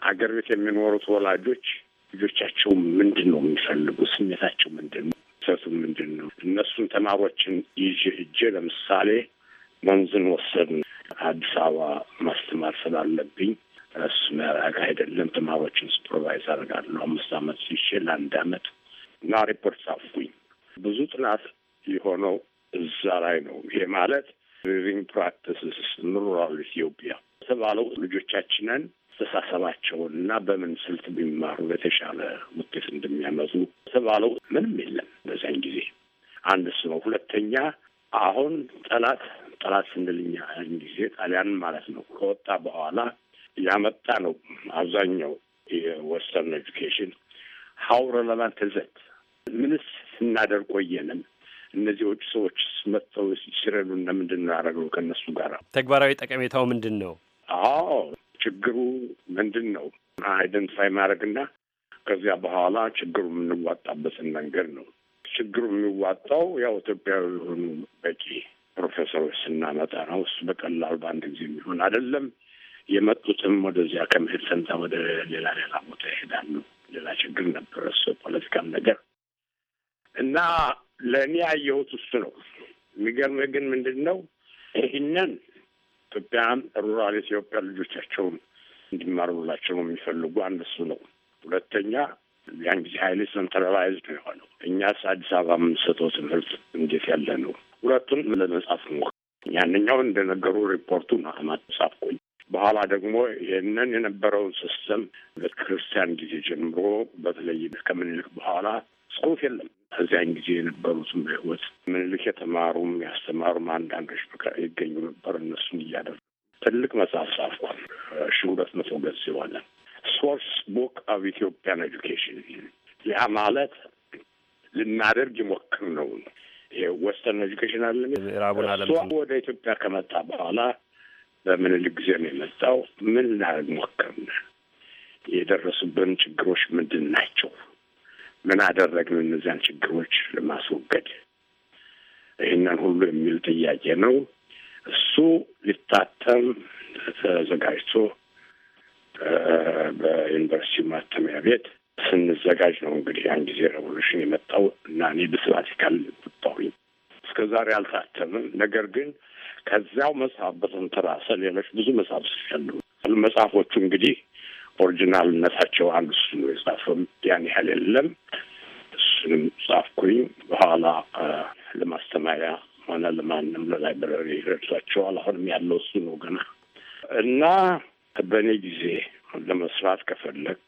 አገር ቤት የሚኖሩት ወላጆች ልጆቻቸው ምንድን ነው የሚፈልጉ? ስሜታቸው ምንድን ነው? ሰቱ ምንድን ነው? እነሱን ተማሪዎችን ይዤ እጄ ለምሳሌ መንዝን ወሰድን። አዲስ አበባ ማስተማር ስላለብኝ እሱ መራቅ አይደለም። ተማሪዎችን ሱፐርቫይዝ አደርጋለሁ። አምስት አመት ይዤ ለአንድ አመት እና ሪፖርት ጻፉኝ። ብዙ ጥናት የሆነው እዛ ላይ ነው። ይሄ ማለት ሪቪንግ ፕራክቲስስ ሩራል ኢትዮጵያ የተባለው ልጆቻችንን አስተሳሰባቸውን እና በምን ስልት ቢማሩ የተሻለ ውጤት እንደሚያመጡ የተባለው ምንም የለም በዚያን ጊዜ አንድ እሱ ነው። ሁለተኛ አሁን ጠላት ጠላት ስንልኛ ጊዜ ጣሊያን ማለት ነው ከወጣ በኋላ ያመጣ ነው አብዛኛው የወስተርን ኤዱኬሽን ሀውረ ለማን ምንስ ስናደርግ ቆየንም እነዚህ ውጭ ሰዎች መጥተው ሲረዱ እንደምንድን ነው ያደረገው? ከእነሱ ጋር ተግባራዊ ጠቀሜታው ምንድን ነው? አዎ ችግሩ ምንድን ነው አይደንቲፋይ ማድረግና ከዚያ በኋላ ችግሩ የምንዋጣበትን መንገድ ነው። ችግሩ የሚዋጣው ያው ኢትዮጵያዊ የሆኑ በቂ ፕሮፌሰሮች ስናመጣ ነው። እሱ በቀላሉ በአንድ ጊዜ የሚሆን አይደለም። የመጡትም ወደዚያ ከመሄድ ፈንታ ወደ ሌላ ሌላ ቦታ ይሄዳሉ። ሌላ ችግር ነበረ እሱ የፖለቲካም ነገር እና ለእኔ ያየሁት እሱ ነው። የሚገርምህ ግን ምንድን ነው ይህንን ኢትዮጵያን ሩራል ኢትዮጵያ ልጆቻቸውን እንዲማሩላቸው ነው የሚፈልጉ አንድ እሱ ነው። ሁለተኛ ያን ጊዜ ሀይል ሰንትራላይዝድ ነው የሆነው። እኛስ አዲስ አበባ የምንሰጠው ትምህርት እንዴት ያለ ነው? ሁለቱን ለመጻፍ ሞ ያንኛው እንደነገሩ ሪፖርቱ አማት ጻፍኩኝ። በኋላ ደግሞ ይህንን የነበረውን ሲስተም ቤተክርስቲያን ጊዜ ጀምሮ በተለይ ከምኒልክ በኋላ ጽሁፍ የለም። እዚያን ጊዜ የነበሩትም በህይወት ምኒልክ የተማሩም ያስተማሩም አንዳንዶች ይገኙ ነበር። እነሱን እያደረጉ ትልቅ መጽሐፍ ጻፏል። ሺ ሁለት መቶ ገጽ የሆነ ሶርስ ቡክ ኦፍ ኢትዮጵያን ኤዱኬሽን። ያ ማለት ልናደርግ ይሞክር ነው። ወስተርን ኤዱኬሽን አለ ወደ ኢትዮጵያ ከመጣ በኋላ በምኒልክ ጊዜ ነው የመጣው። ምን ልናደርግ ሞክርን? የደረሱብን ችግሮች ምንድን ናቸው? ምን አደረግን እነዚያን ችግሮች ለማስወገድ? ይህንን ሁሉ የሚል ጥያቄ ነው። እሱ ሊታተም ተዘጋጅቶ በዩኒቨርሲቲ ማተሚያ ቤት ስንዘጋጅ ነው እንግዲህ ያን ጊዜ ሬቮሉሽን የመጣው እና እኔ ብስባት ካል ብጣሁኝ እስከ ዛሬ አልታተምም። ነገር ግን ከዚያው መጽሐፍ በተንተራሰ ሌሎች ብዙ መጽሐፍ ስ ያሉ መጽሐፎቹ እንግዲህ ኦሪጂናልነታቸው አንድ እሱ የጻፈም ያን ያህል የለም። እሱንም ጻፍኩኝ። በኋላ ለማስተማሪያ ሆነ ለማንም ለላይብረሪ ረድቷቸዋል። አሁንም ያለው እሱ ነው ገና እና በእኔ ጊዜ ለመስራት ከፈለግ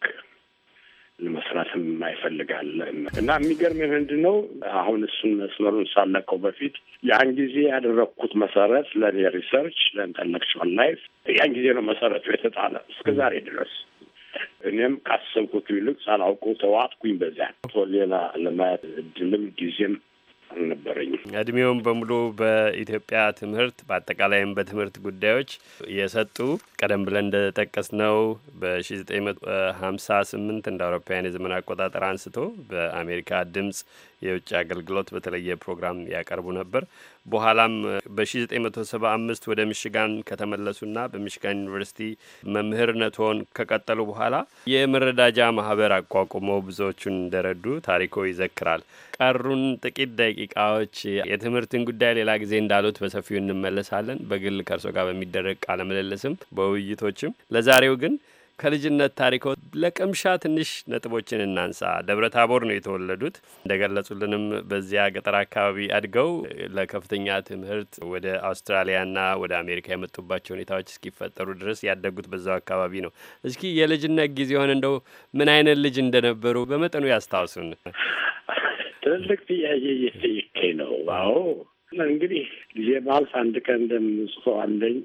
ለመስራትም አይፈልጋለ እና የሚገርም ምንድን ነው አሁን እሱን መስመሩን ሳለቀው በፊት ያን ጊዜ ያደረግኩት መሰረት ለእኔ ሪሰርች ለኢንተሌክቹዋል ላይፍ ያን ጊዜ ነው መሰረቱ የተጣለ እስከ ዛሬ ድረስ እኔም ካሰብኩት ይልቅ ሳላውቁ ተዋጥኩኝ። በዚያ ሌላ ለማየት እድልም ጊዜም አልነበረኝም። እድሜውም በሙሉ በኢትዮጵያ ትምህርት በአጠቃላይም በትምህርት ጉዳዮች የሰጡ ቀደም ብለን እንደጠቀስነው በ1958 እንደ አውሮፓውያን የዘመን አቆጣጠር አንስቶ በአሜሪካ ድምጽ የውጭ አገልግሎት በተለየ ፕሮግራም ያቀርቡ ነበር። በኋላም በ1975 ወደ ሚሽጋን ከተመለሱና በሚሽጋን ዩኒቨርሲቲ መምህርነትን ከቀጠሉ በኋላ የመረዳጃ ማህበር አቋቁመው ብዙዎቹን እንደረዱ ታሪኮ ይዘክራል። ቀሩን ጥቂት ደቂቃዎች የትምህርትን ጉዳይ ሌላ ጊዜ እንዳሉት በሰፊው እንመለሳለን። በግል ከእርሶ ጋር በሚደረግ ቃለመለልስም በውይይቶችም ለዛሬው ግን ከልጅነት ታሪኮ ለቅምሻ ትንሽ ነጥቦችን እናንሳ። ደብረ ታቦር ነው የተወለዱት። እንደገለጹልንም በዚያ ገጠር አካባቢ አድገው ለከፍተኛ ትምህርት ወደ አውስትራሊያና ወደ አሜሪካ የመጡባቸው ሁኔታዎች እስኪፈጠሩ ድረስ ያደጉት በዛው አካባቢ ነው። እስኪ የልጅነት ጊዜ ሆነ እንደው ምን አይነት ልጅ እንደነበሩ በመጠኑ ያስታውሱን። ትልቅ ጥያቄ እየጠየቀኝ ነው። አዎ እንግዲህ ጊዜ ማልፍ አንድ ቀን እንደምጽፈው አለኝ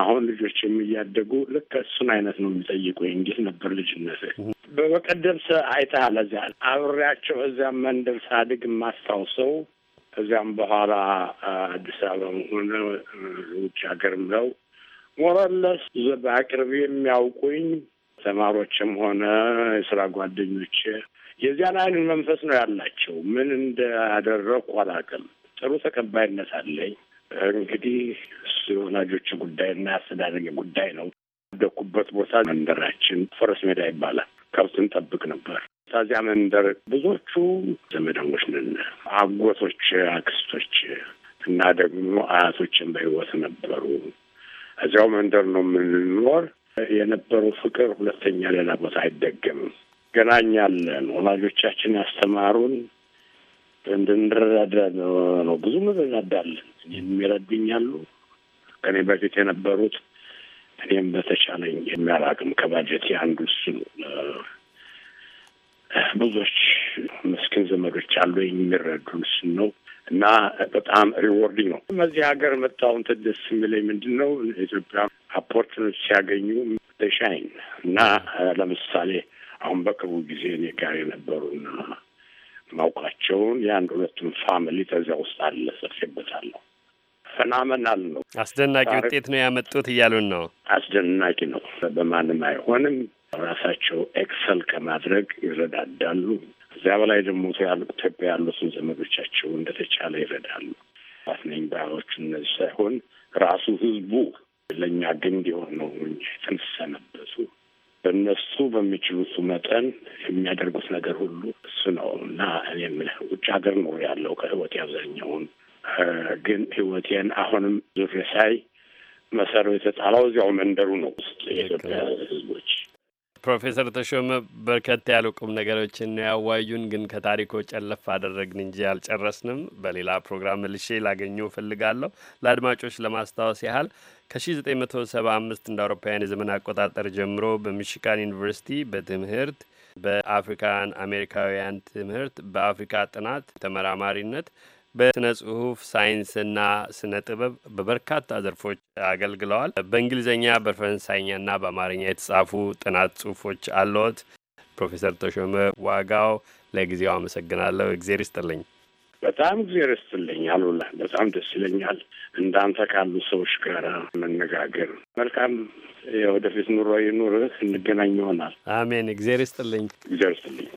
አሁን ልጆችም እያደጉ ልክ እሱን አይነት ነው የሚጠይቁ። እንዴት ነበር ልጅነት? በበቀደም አይተሃል። እዚያ አብሬያቸው እዚያም መንደር ሳድግ የማስታውሰው እዚያም በኋላ አዲስ አበባም ሆነ ውጭ ሀገርም ለው ሞራለስ በአቅርቢ የሚያውቁኝ ተማሪዎችም ሆነ የስራ ጓደኞች የዚያን አይነት መንፈስ ነው ያላቸው። ምን እንዳደረግኩ አላውቅም። ጥሩ ተቀባይነት አለኝ። እንግዲህ የወላጆች ጉዳይና የአስተዳደግ ጉዳይ ነው። ያደኩበት ቦታ መንደራችን ፎረስ ሜዳ ይባላል። ከብትን ጠብቅ ነበር። ታዚያ መንደር ብዙዎቹ ዘመዳሞች ነን። አጎቶች፣ አክስቶች እና ደግሞ አያቶችን በህይወት ነበሩ። እዚያው መንደር ነው የምንኖር የነበረው ፍቅር ሁለተኛ ሌላ ቦታ አይደገምም። ገናኛለን ወላጆቻችን ያስተማሩን እንድንረዳዳ ነው። ብዙ እንረዳዳለን። እኔም ይረዱኛሉ። ከኔ በፊት የነበሩት እኔም በተቻለኝ የሚያል ከባጀት አንዱ እሱ ብዙዎች ምስኪን ዘመዶች አሉ የሚረዱ እሱን ነው እና በጣም ሪዎርዲንግ ነው። በዚህ ሀገር መጣውን ደስ የሚለኝ ምንድን ነው ኢትዮጵያ አፖርቹኒቲ ሲያገኙ ተሻይን እና ለምሳሌ አሁን በቅርቡ ጊዜ እኔ ጋር የነበሩና ማውቃቸውን የአንድ ሁለቱን ፋሚሊ ከዚያ ውስጥ አለ አለፈፌበታለሁ። ፈናመናል ነው። አስደናቂ ውጤት ነው ያመጡት እያሉን ነው። አስደናቂ ነው። በማንም አይሆንም። ራሳቸው ኤክሰል ከማድረግ ይረዳዳሉ። እዚያ በላይ ደግሞ ኢትዮጵያ ያሉትን ዘመዶቻቸው እንደተቻለ ይረዳሉ። አትነኝ ባዮቹ እነዚህ ሳይሆን ራሱ ህዝቡ ለእኛ ግንድ የሆነው እንጂ የተነሰነበቱ በእነሱ በሚችሉት መጠን የሚያደርጉት ነገር ሁሉ እሱ ነው እና እኔ የምልህ ውጭ ሀገር ነው ያለው ከህይወቴ አብዛኛውን ግን ህይወቴን አሁንም ዙሬ ሳይ መሰሩ የተጣለው እዚያው መንደሩ ነው ውስጥ የኢትዮጵያ ህዝቦች። ፕሮፌሰር ተሾመ በርከት ያሉ ቁም ነገሮችን ነው ያዋዩን፣ ግን ከታሪኮ ጨለፍ አደረግን እንጂ አልጨረስንም። በሌላ ፕሮግራም ልሼ ላገኘው እፈልጋለሁ። ለአድማጮች ለማስታወስ ያህል ከ1975 እንደ አውሮፓውያን የዘመን አቆጣጠር ጀምሮ በሚሽጋን ዩኒቨርሲቲ በትምህርት በአፍሪካን አሜሪካውያን ትምህርት በአፍሪካ ጥናት ተመራማሪነት በስነ ጽሁፍ ሳይንስና ስነ ጥበብ በበርካታ ዘርፎች አገልግለዋል። በእንግሊዝኛ በፈረንሳይኛና በአማርኛ የተጻፉ ጥናት ጽሁፎች አለዎት። ፕሮፌሰር ተሾመ ዋጋው ለጊዜው አመሰግናለሁ። እግዜር ይስጥልኝ። በጣም እግዚአብሔር ይስጥልኝ አሉላ። በጣም ደስ ይለኛል እንዳንተ ካሉ ሰዎች ጋር መነጋገር። መልካም የወደፊት ኑሮ ይኑርህ። እንገናኝ ይሆናል። አሜን። እግዚአብሔር ይስጥልኝ። እግዚአብሔር ይስጥልኝ።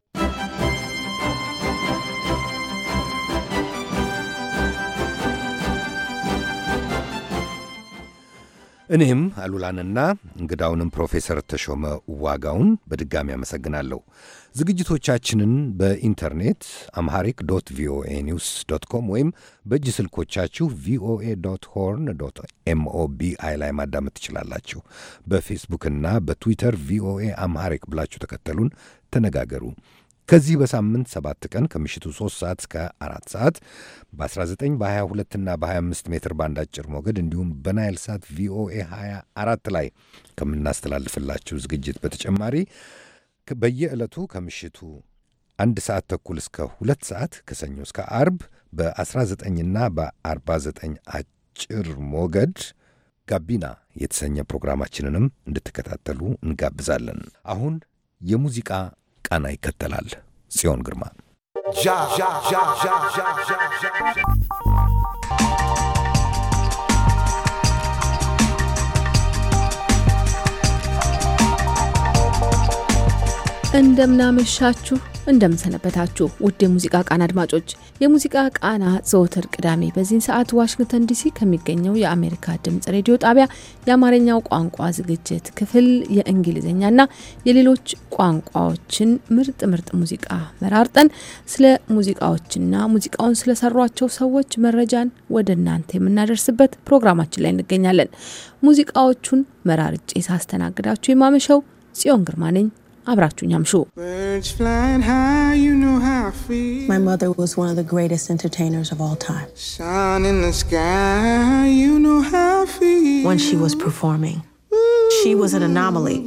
እኔም አሉላንና እንግዳውንም ፕሮፌሰር ተሾመ ዋጋውን በድጋሚ አመሰግናለሁ። ዝግጅቶቻችንን በኢንተርኔት አምሃሪክ ዶት ቪኦኤ ኒውስ ዶት ኮም ወይም በእጅ ስልኮቻችሁ ቪኦኤ ዶት ሆርን ዶት ኤምኦቢአይ ላይ ማዳመጥ ትችላላችሁ። በፌስቡክና በትዊተር ቪኦኤ አምሃሪክ ብላችሁ ተከተሉን፣ ተነጋገሩ። ከዚህ በሳምንት ሰባት ቀን ከምሽቱ 3 ሰዓት እስከ 4 ሰዓት በ19 በ22 እና በ25 ሜትር ባንድ አጭር ሞገድ እንዲሁም በናይል ሳት ቪኦኤ 24 ላይ ከምናስተላልፍላችሁ ዝግጅት በተጨማሪ በየዕለቱ ከምሽቱ አንድ ሰዓት ተኩል እስከ ሁለት ሰዓት ከሰኞ እስከ አርብ በ19ና በ49 አጭር ሞገድ ጋቢና የተሰኘ ፕሮግራማችንንም እንድትከታተሉ እንጋብዛለን። አሁን የሙዚቃ ቃና ይከተላል። ጽዮን ግርማ እንደምናመሻችሁ እንደምንሰነበታችሁ ውድ የሙዚቃ ቃና አድማጮች፣ የሙዚቃ ቃና ዘወትር ቅዳሜ በዚህን ሰዓት ዋሽንግተን ዲሲ ከሚገኘው የአሜሪካ ድምጽ ሬዲዮ ጣቢያ የአማርኛው ቋንቋ ዝግጅት ክፍል የእንግሊዝኛና የሌሎች ቋንቋዎችን ምርጥ ምርጥ ሙዚቃ መራርጠን ስለ ሙዚቃዎችና ሙዚቃውን ስለሰሯቸው ሰዎች መረጃን ወደ እናንተ የምናደርስበት ፕሮግራማችን ላይ እንገኛለን። ሙዚቃዎቹን መራርጬ ሳስተናግዳችሁ የማመሸው ጽዮን ግርማ ነኝ። አብራችሁኝ አምሹ። My mother was one of the greatest entertainers of all time. When she was performing, she was an anomaly.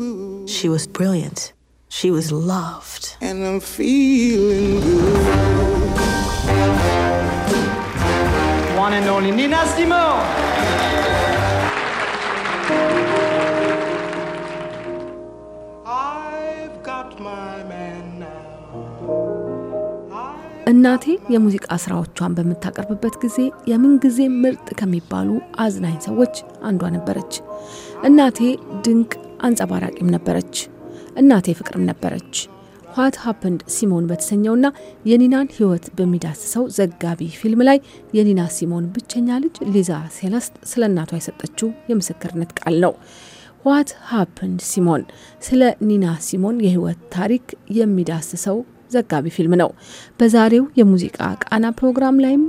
She was brilliant. She was loved. And I'm feeling good. One and only Nina Simone. እናቴ የሙዚቃ ስራዎቿን በምታቀርብበት ጊዜ የምንጊዜ ምርጥ ከሚባሉ አዝናኝ ሰዎች አንዷ ነበረች። እናቴ ድንቅ አንጸባራቂም ነበረች። እናቴ ፍቅርም ነበረች። ዋት ሀፕንድ ሲሞን በተሰኘውና የኒናን ሕይወት በሚዳስሰው ዘጋቢ ፊልም ላይ የኒና ሲሞን ብቸኛ ልጅ ሊዛ ሴለስት ስለ እናቷ የሰጠችው የምስክርነት ቃል ነው። ዋት ሀፕንድ ሲሞን ስለ ኒና ሲሞን የሕይወት ታሪክ የሚዳስሰው ዘጋቢ ፊልም ነው። በዛሬው የሙዚቃ ቃና ፕሮግራም ላይም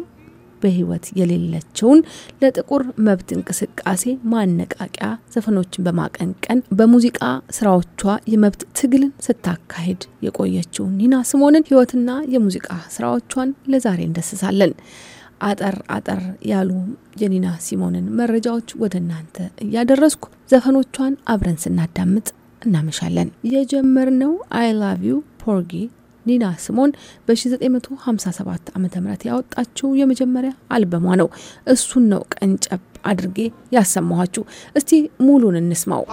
በህይወት የሌለችውን ለጥቁር መብት እንቅስቃሴ ማነቃቂያ ዘፈኖችን በማቀንቀን በሙዚቃ ስራዎቿ የመብት ትግልን ስታካሄድ የቆየችው ኒና ስሞንን ህይወትና የሙዚቃ ስራዎቿን ለዛሬ እንደስሳለን። አጠር አጠር ያሉ የኒና ሲሞንን መረጃዎች ወደ እናንተ እያደረስኩ ዘፈኖቿን አብረን ስናዳምጥ እናመሻለን። የጀመርነው አይ ላቭ ዩ ፖርጊ ኒና ስሞን በ1957 ዓ ም ያወጣችው የመጀመሪያ አልበሟ ነው። እሱን ነው ቀንጨብ አድርጌ ያሰማኋችሁ። እስቲ ሙሉን እንስማው።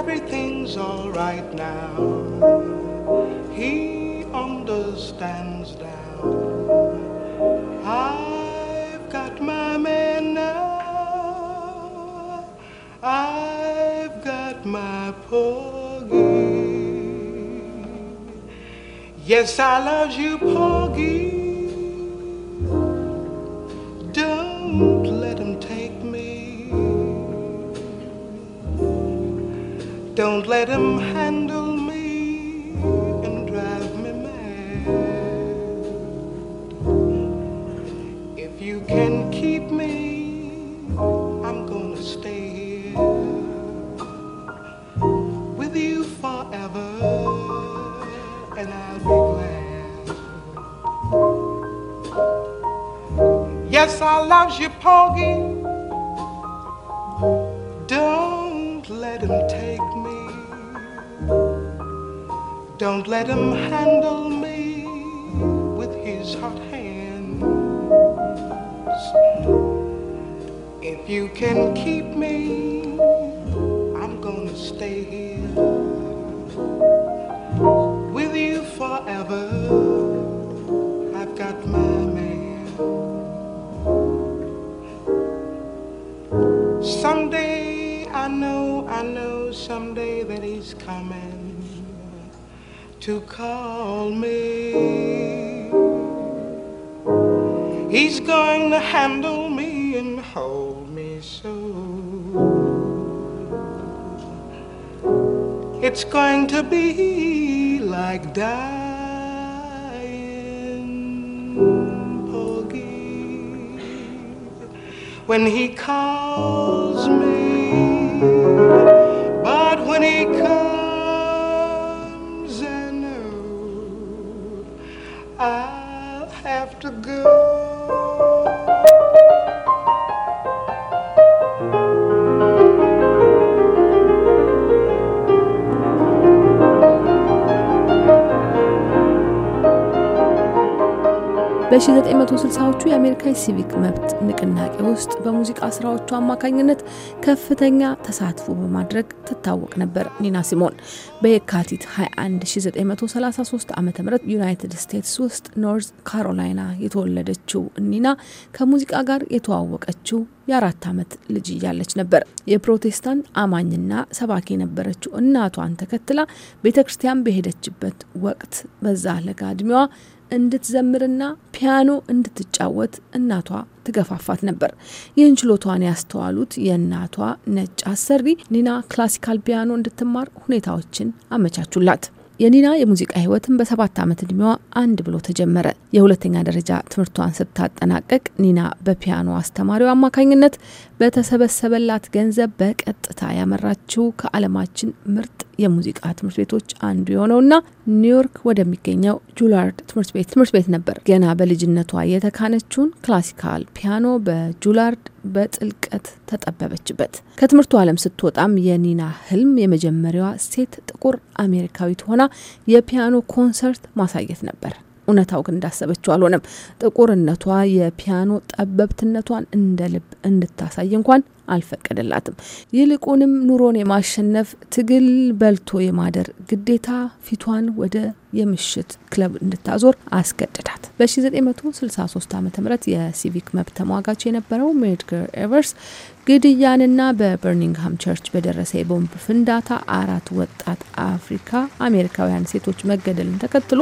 Everything's all right now. He stands down. I've got my man now. I've got my Porgy. Yes, I love you, Porgy. Don't let him take me. Don't let him handle you can keep me, I'm gonna stay here with you forever, and I'll be glad. Yes, I love you, Poggy. Don't let him take me. Don't let him handle you can keep me, I'm gonna stay here with you forever. I've got my man. Someday I know, I know someday that he's coming to call me. He's going to handle It's going to be like dying Porgy when he calls me, but when he comes, I know I'll have to go. በ1960ዎቹ የአሜሪካ ሲቪክ መብት ንቅናቄ ውስጥ በሙዚቃ ስራዎቹ አማካኝነት ከፍተኛ ተሳትፎ በማድረግ ትታወቅ ነበር። ኒና ሲሞን በየካቲት 21 1933 ዓ ም ዩናይትድ ስቴትስ ውስጥ ኖርዝ ካሮላይና የተወለደችው ኒና ከሙዚቃ ጋር የተዋወቀችው የአራት ዓመት ልጅ እያለች ነበር። የፕሮቴስታንት አማኝና ሰባኪ የነበረችው እናቷን ተከትላ ቤተ ክርስቲያን በሄደችበት ወቅት በዛ ለጋ እድሜዋ እንድትዘምርና ፒያኖ እንድትጫወት እናቷ ትገፋፋት ነበር። ይህን ችሎቷን ያስተዋሉት የእናቷ ነጭ አሰሪ ኒና ክላሲካል ፒያኖ እንድትማር ሁኔታዎችን አመቻቹላት። የኒና የሙዚቃ ህይወትን በሰባት ዓመት እድሜዋ አንድ ብሎ ተጀመረ። የሁለተኛ ደረጃ ትምህርቷን ስታጠናቀቅ ኒና በፒያኖ አስተማሪው አማካኝነት በተሰበሰበላት ገንዘብ በቀጥታ ያመራችው ከዓለማችን ምርጥ የሙዚቃ ትምህርት ቤቶች አንዱ የሆነውና ኒውዮርክ ወደሚገኘው ጁላርድ ትምህርት ቤት ትምህርት ቤት ነበር። ገና በልጅነቷ የተካነችውን ክላሲካል ፒያኖ በጁላርድ በጥልቀት ተጠበበችበት። ከትምህርቱ ዓለም ስትወጣም የኒና ህልም የመጀመሪያዋ ሴት ጥቁር አሜሪካዊት ሆና የፒያኖ ኮንሰርት ማሳየት ነበር። እውነታው ግን እንዳሰበችው አልሆነም። ጥቁርነቷ የፒያኖ ጠበብትነቷን እንደ ልብ እንድታሳይ እንኳን አልፈቀደላትም። ይልቁንም ኑሮን የማሸነፍ ትግል በልቶ የማደር ግዴታ ፊቷን ወደ የምሽት ክለብ እንድታዞር አስገድዳት። በ1963 ዓ ም የሲቪክ መብት ተሟጋች የነበረው ሜድገር ኤቨርስ ግድያንና በበርኒንግሃም ቸርች በደረሰ የቦምብ ፍንዳታ አራት ወጣት አፍሪካ አሜሪካውያን ሴቶች መገደልን ተከትሎ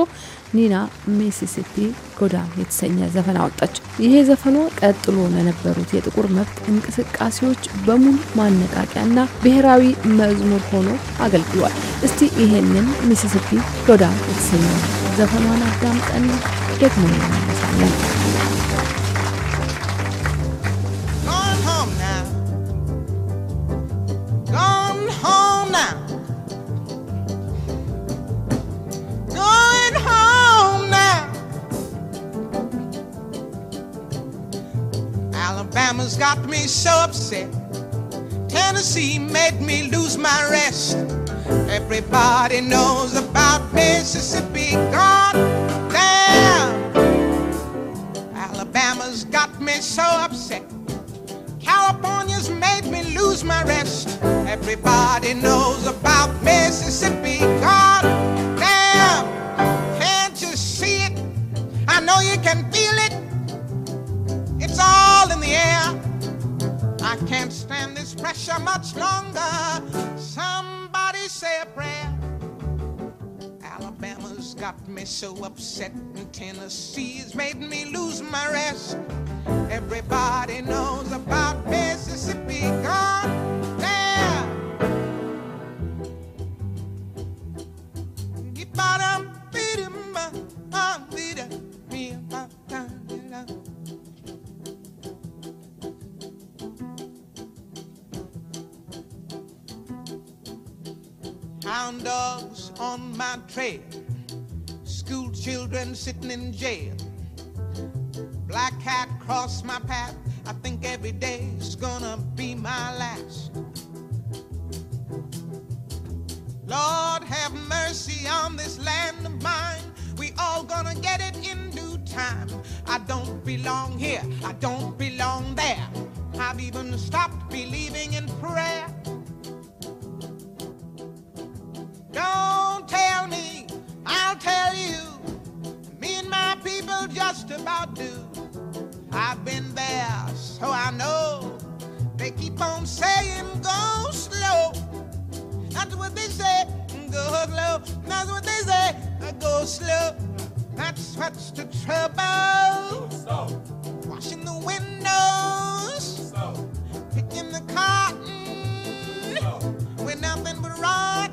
ኒና ሚሲሲፒ ጎዳም የተሰኘ ዘፈን አወጣች። ይሄ ዘፈኗ ቀጥሎ ለነበሩት የጥቁር መብት እንቅስቃሴዎች ሰዎች በሙሉ ማነቃቂያና ብሔራዊ መዝሙር ሆኖ አገልግሏል። እስቲ ይሄንን ሚሲሲፒ ዶዳ የተሰኘው ዘፈኗን አዳምጠን ደግሞ እንመለሳለን። said. Tennessee made me lose my rest. Everybody knows about Mississippi gone Alabama's got me so upset. California's made me lose my rest. Everybody knows about Mississippi. pressure much longer. Somebody say a prayer. Alabama's got me so upset, and Tennessee's made me lose my rest. Everybody knows about me. Dogs on my trail, school children sitting in jail. Black cat crossed my path. I think every day's gonna be my last. Lord, have mercy on this land of mine. We all gonna get it in due time. I don't belong here, I don't belong there. I've even stopped believing in prayer. just about do. I've been there, so I know. They keep on saying go slow. That's what they say, go slow. That's what they say, go slow. That's what's the trouble. Slow. Washing the windows. Slow. Picking the cotton. Slow. nothing but right.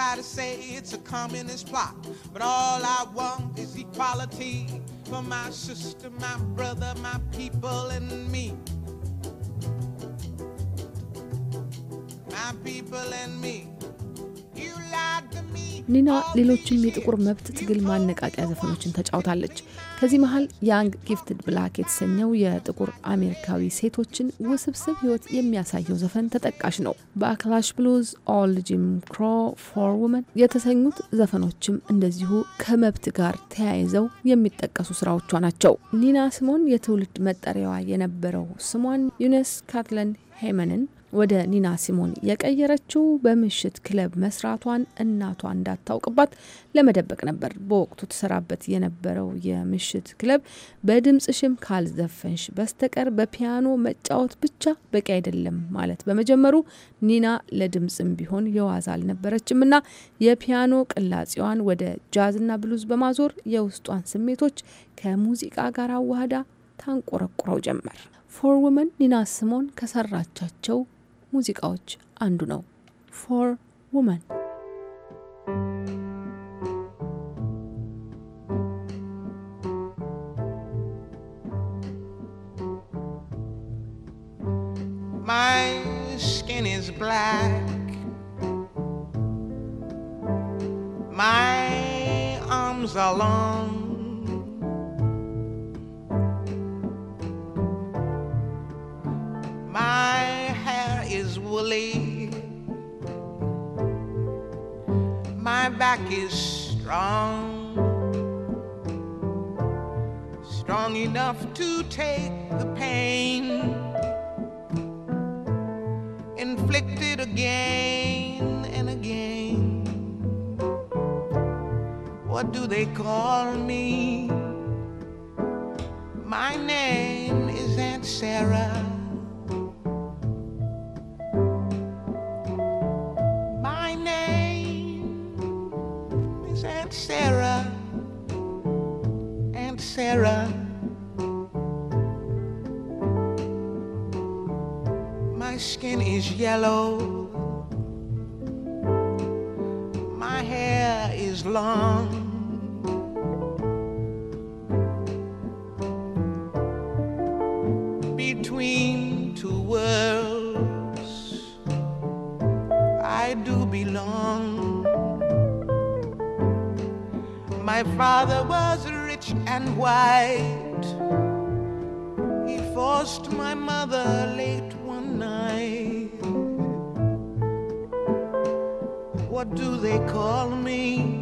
try to say it's a communist plot, but all I want is equality for my sister, my brother, my people, and me. My people and me. ኒና ሌሎችም የጥቁር መብት ትግል ማነቃቂያ ዘፈኖችን ተጫውታለች። ከዚህ መሀል ያንግ ጊፍትድ ብላክ የተሰኘው የጥቁር አሜሪካዊ ሴቶችን ውስብስብ ህይወት የሚያሳየው ዘፈን ተጠቃሽ ነው። በአክላሽ ብሉዝ፣ ኦል ጂም ክሮ፣ ፎር ውመን የተሰኙት ዘፈኖችም እንደዚሁ ከመብት ጋር ተያይዘው የሚጠቀሱ ስራዎቿ ናቸው። ኒና ሲሞን የትውልድ መጠሪያዋ የነበረው ስሟን ዩነስ ካትለን ሄመንን ወደ ኒና ሲሞን የቀየረችው በምሽት ክለብ መስራቷን እናቷ እንዳታውቅባት ለመደበቅ ነበር። በወቅቱ ተሰራበት የነበረው የምሽት ክለብ በድምጽሽም ካልዘፈንሽ በስተቀር በፒያኖ መጫወት ብቻ በቂ አይደለም ማለት በመጀመሩ ኒና ለድምጽም ቢሆን የዋዛ አልነበረችም እና የፒያኖ ቅላጼዋን ወደ ጃዝና ብሉዝ በማዞር የውስጧን ስሜቶች ከሙዚቃ ጋር አዋህዳ ታንቆረቁረው ጀመር። ፎር ውመን ኒና ሲሞን ከሰራቻቸው ሙዚቃዎች አንዱ ነው። ፎር ውመን My skin is black. My arms are long. my back is strong, strong enough to take the pain inflicted again and again. What do they call me? My name is Aunt Sarah. Sarah and Sarah. My skin is yellow. My hair is long. My father was rich and white. He forced my mother late one night. What do they call me?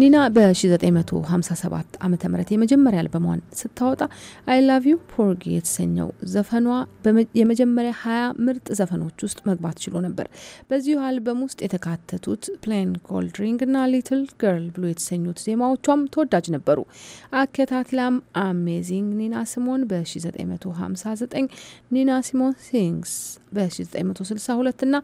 ኒና በ1957 ዓ ም የመጀመሪያ አልበሟን ስታወጣ አይ ላቭ ዩ ፖርጊ የተሰኘው ዘፈኗ የመጀመሪያ 20 ምርጥ ዘፈኖች ውስጥ መግባት ችሎ ነበር። በዚሁ አልበም ውስጥ የተካተቱት ፕሌን ኮልድ ድሪንክ እና ሊትል ገርል ብሎ የተሰኙት ዜማዎቿም ተወዳጅ ነበሩ። አከታትላም አሜዚንግ ኒና ሲሞን በ1959 ኒና ሲሞን ሲንግስ በ1962 እና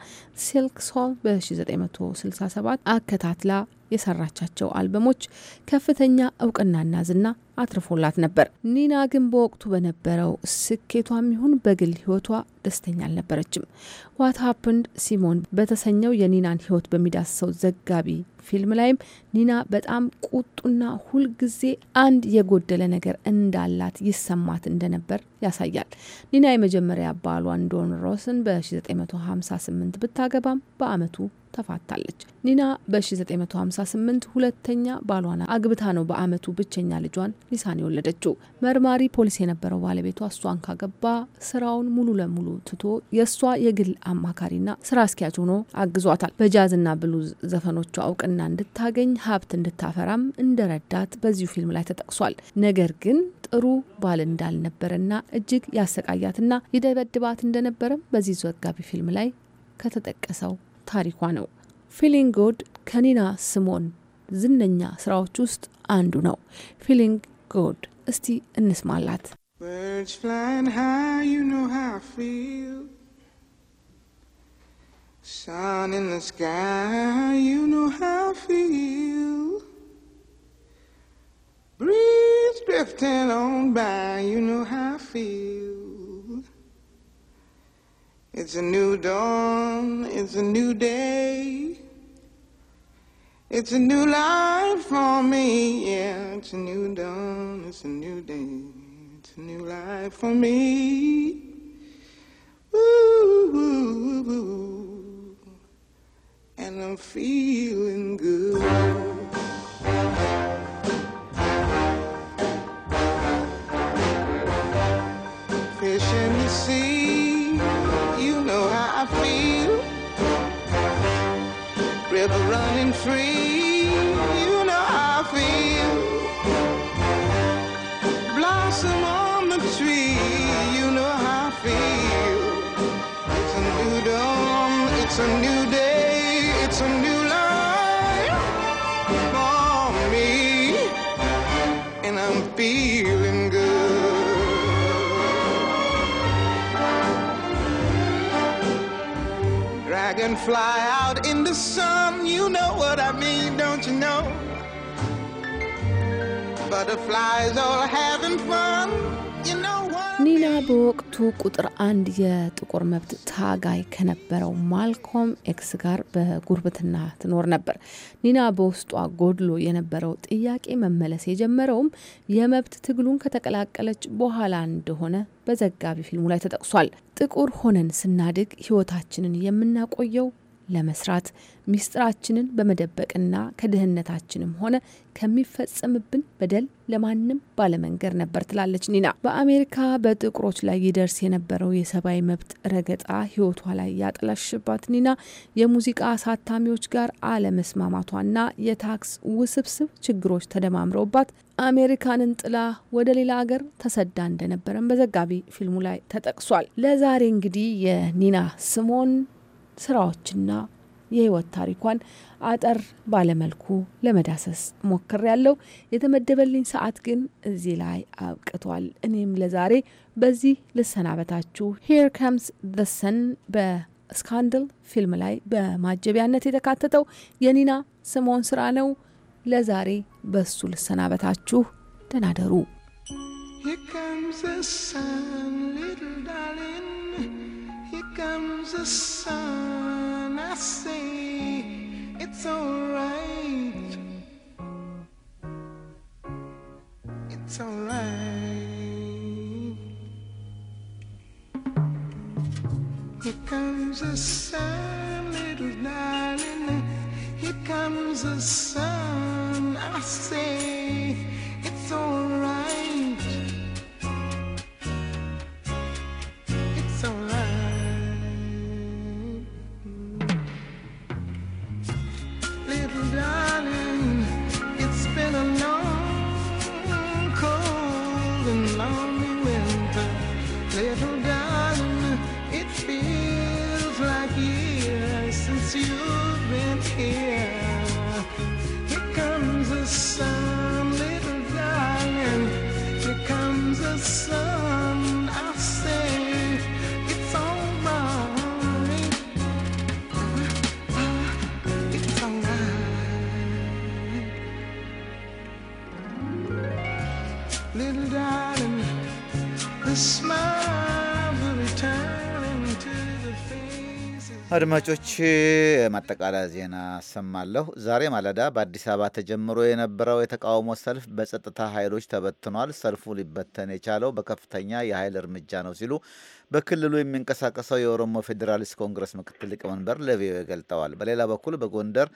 ሲልክ ሶል በ1967 አከታትላ የሰራቻቸው አልበሞች ከፍተኛ እውቅናና ዝና አትርፎላት ነበር። ኒና ግን በወቅቱ በነበረው ስኬቷም ይሁን በግል ህይወቷ ደስተኛ አልነበረችም። ዋት ሀፕንድ ሲሞን በተሰኘው የኒናን ህይወት በሚዳስሰው ዘጋቢ ፊልም ላይም ኒና በጣም ቁጡና ሁልጊዜ አንድ የጎደለ ነገር እንዳላት ይሰማት እንደነበር ያሳያል። ኒና የመጀመሪያ ባሏን ዶን ሮስን በ1958 ብታገባም በአመቱ ተፋታለች። ኒና በ1958 ሁለተኛ ባሏን አግብታ ነው በአመቱ ብቸኛ ልጇን ሊሳን የወለደችው። መርማሪ ፖሊስ የነበረው ባለቤቷ እሷን ካገባ ስራውን ሙሉ ለሙሉ ትቶ የእሷ የግል አማካሪና ስራ አስኪያጅ ሆኖ አግዟታል። በጃዝና ብሉዝ ዘፈኖቿ እውቅና እንድታገኝ ሀብት እንድታፈራም እንደረዳት በዚሁ ፊልም ላይ ተጠቅሷል። ነገር ግን ጥሩ ባል እንዳልነበረና እጅግ ያሰቃያትና ይደበድባት እንደነበረም በዚህ ዘጋቢ ፊልም ላይ ከተጠቀሰው ታሪኳ ነው። ፊሊንግ ጎድ ከኒና ስሞን ዝነኛ ስራዎች ውስጥ አንዱ ነው። ፊሊንግ ጎድ እስቲ እንስማላት። Birds flying high, you know how I feel. Sun in the sky, you know how I feel. Breeze drifting on by, you know how I feel. It's a new dawn, it's a new day. It's a new life for me, yeah. It's a new dawn, it's a new day. It's a new life for me. Ooh, ooh, ooh. and I'm feeling good. running free. You know how I feel. Blossom on the tree. You know how I feel. It's a new dawn. It's a new day. It's a new life for me, and I'm feeling good. Dragonfly come, you know what I mean, don't you know? Butterflies all having fun, ኒና በወቅቱ ቁጥር አንድ የጥቁር መብት ታጋይ ከነበረው ማልኮም ኤክስ ጋር በጉርብትና ትኖር ነበር። ኒና በውስጧ ጎድሎ የነበረው ጥያቄ መመለስ የጀመረውም የመብት ትግሉን ከተቀላቀለች በኋላ እንደሆነ በዘጋቢ ፊልሙ ላይ ተጠቅሷል። ጥቁር ሆነን ስናድግ ሕይወታችንን የምናቆየው ለመስራት ሚስጥራችንን በመደበቅና ከድህነታችንም ሆነ ከሚፈጸምብን በደል ለማንም ባለመንገር ነበር ትላለች ኒና። በአሜሪካ በጥቁሮች ላይ ይደርስ የነበረው የሰብአዊ መብት ረገጣ ህይወቷ ላይ ያጠላሽባት ኒና የሙዚቃ አሳታሚዎች ጋር አለመስማማቷና የታክስ ውስብስብ ችግሮች ተደማምረውባት አሜሪካንን ጥላ ወደ ሌላ ሀገር ተሰዳ እንደነበረም በዘጋቢ ፊልሙ ላይ ተጠቅሷል። ለዛሬ እንግዲህ የኒና ስሞን ስራዎችና የህይወት ታሪኳን አጠር ባለመልኩ ለመዳሰስ ሞክር ያለው የተመደበልኝ ሰዓት ግን እዚህ ላይ አብቅቷል። እኔም ለዛሬ በዚህ ልሰናበታችሁ። ሄር ከምስ ዘ ሰን በስካንድል ፊልም ላይ በማጀቢያነት የተካተተው የኒና ስሞን ስራ ነው። ለዛሬ በሱ ልሰናበታችሁ። ደናደሩ comes the sun, I say it's alright. It's alright. Here comes the sun, little darling. Here comes the sun, I say it's alright. It's alright. አድማጮች ማጠቃለያ ዜና አሰማለሁ። ዛሬ ማለዳ በአዲስ አበባ ተጀምሮ የነበረው የተቃውሞ ሰልፍ በጸጥታ ኃይሎች ተበትኗል። ሰልፉ ሊበተን የቻለው በከፍተኛ የኃይል እርምጃ ነው ሲሉ በክልሉ የሚንቀሳቀሰው የኦሮሞ ፌዴራሊስት ኮንግረስ ምክትል ሊቀመንበር ለቪኦኤ ገልጠዋል። በሌላ በኩል በጎንደር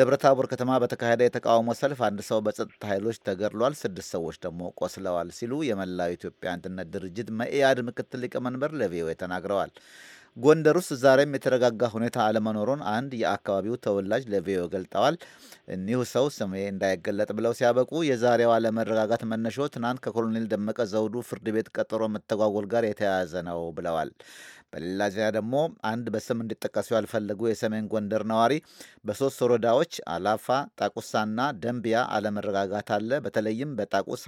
ደብረታቦር ከተማ በተካሄደ የተቃውሞ ሰልፍ አንድ ሰው በጸጥታ ኃይሎች ተገድሏል፣ ስድስት ሰዎች ደግሞ ቆስለዋል ሲሉ የመላው ኢትዮጵያ አንድነት ድርጅት መኢአድ ምክትል ሊቀመንበር ለቪኦኤ ተናግረዋል። ጎንደር ውስጥ ዛሬም የተረጋጋ ሁኔታ አለመኖሩን አንድ የአካባቢው ተወላጅ ለቪኦኤ ገልጠዋል። እኒሁ ሰው ስሜ እንዳይገለጥ ብለው ሲያበቁ የዛሬው አለመረጋጋት መነሾ ትናንት ከኮሎኔል ደመቀ ዘውዱ ፍርድ ቤት ቀጠሮ መተጓጎል ጋር የተያያዘ ነው ብለዋል። በሌላ ዜና ደግሞ አንድ በስም እንዲጠቀሱ ያልፈለጉ የሰሜን ጎንደር ነዋሪ በሶስት ወረዳዎች አላፋ፣ ጣቁሳና ደንቢያ አለመረጋጋት አለ፣ በተለይም በጣቁሳ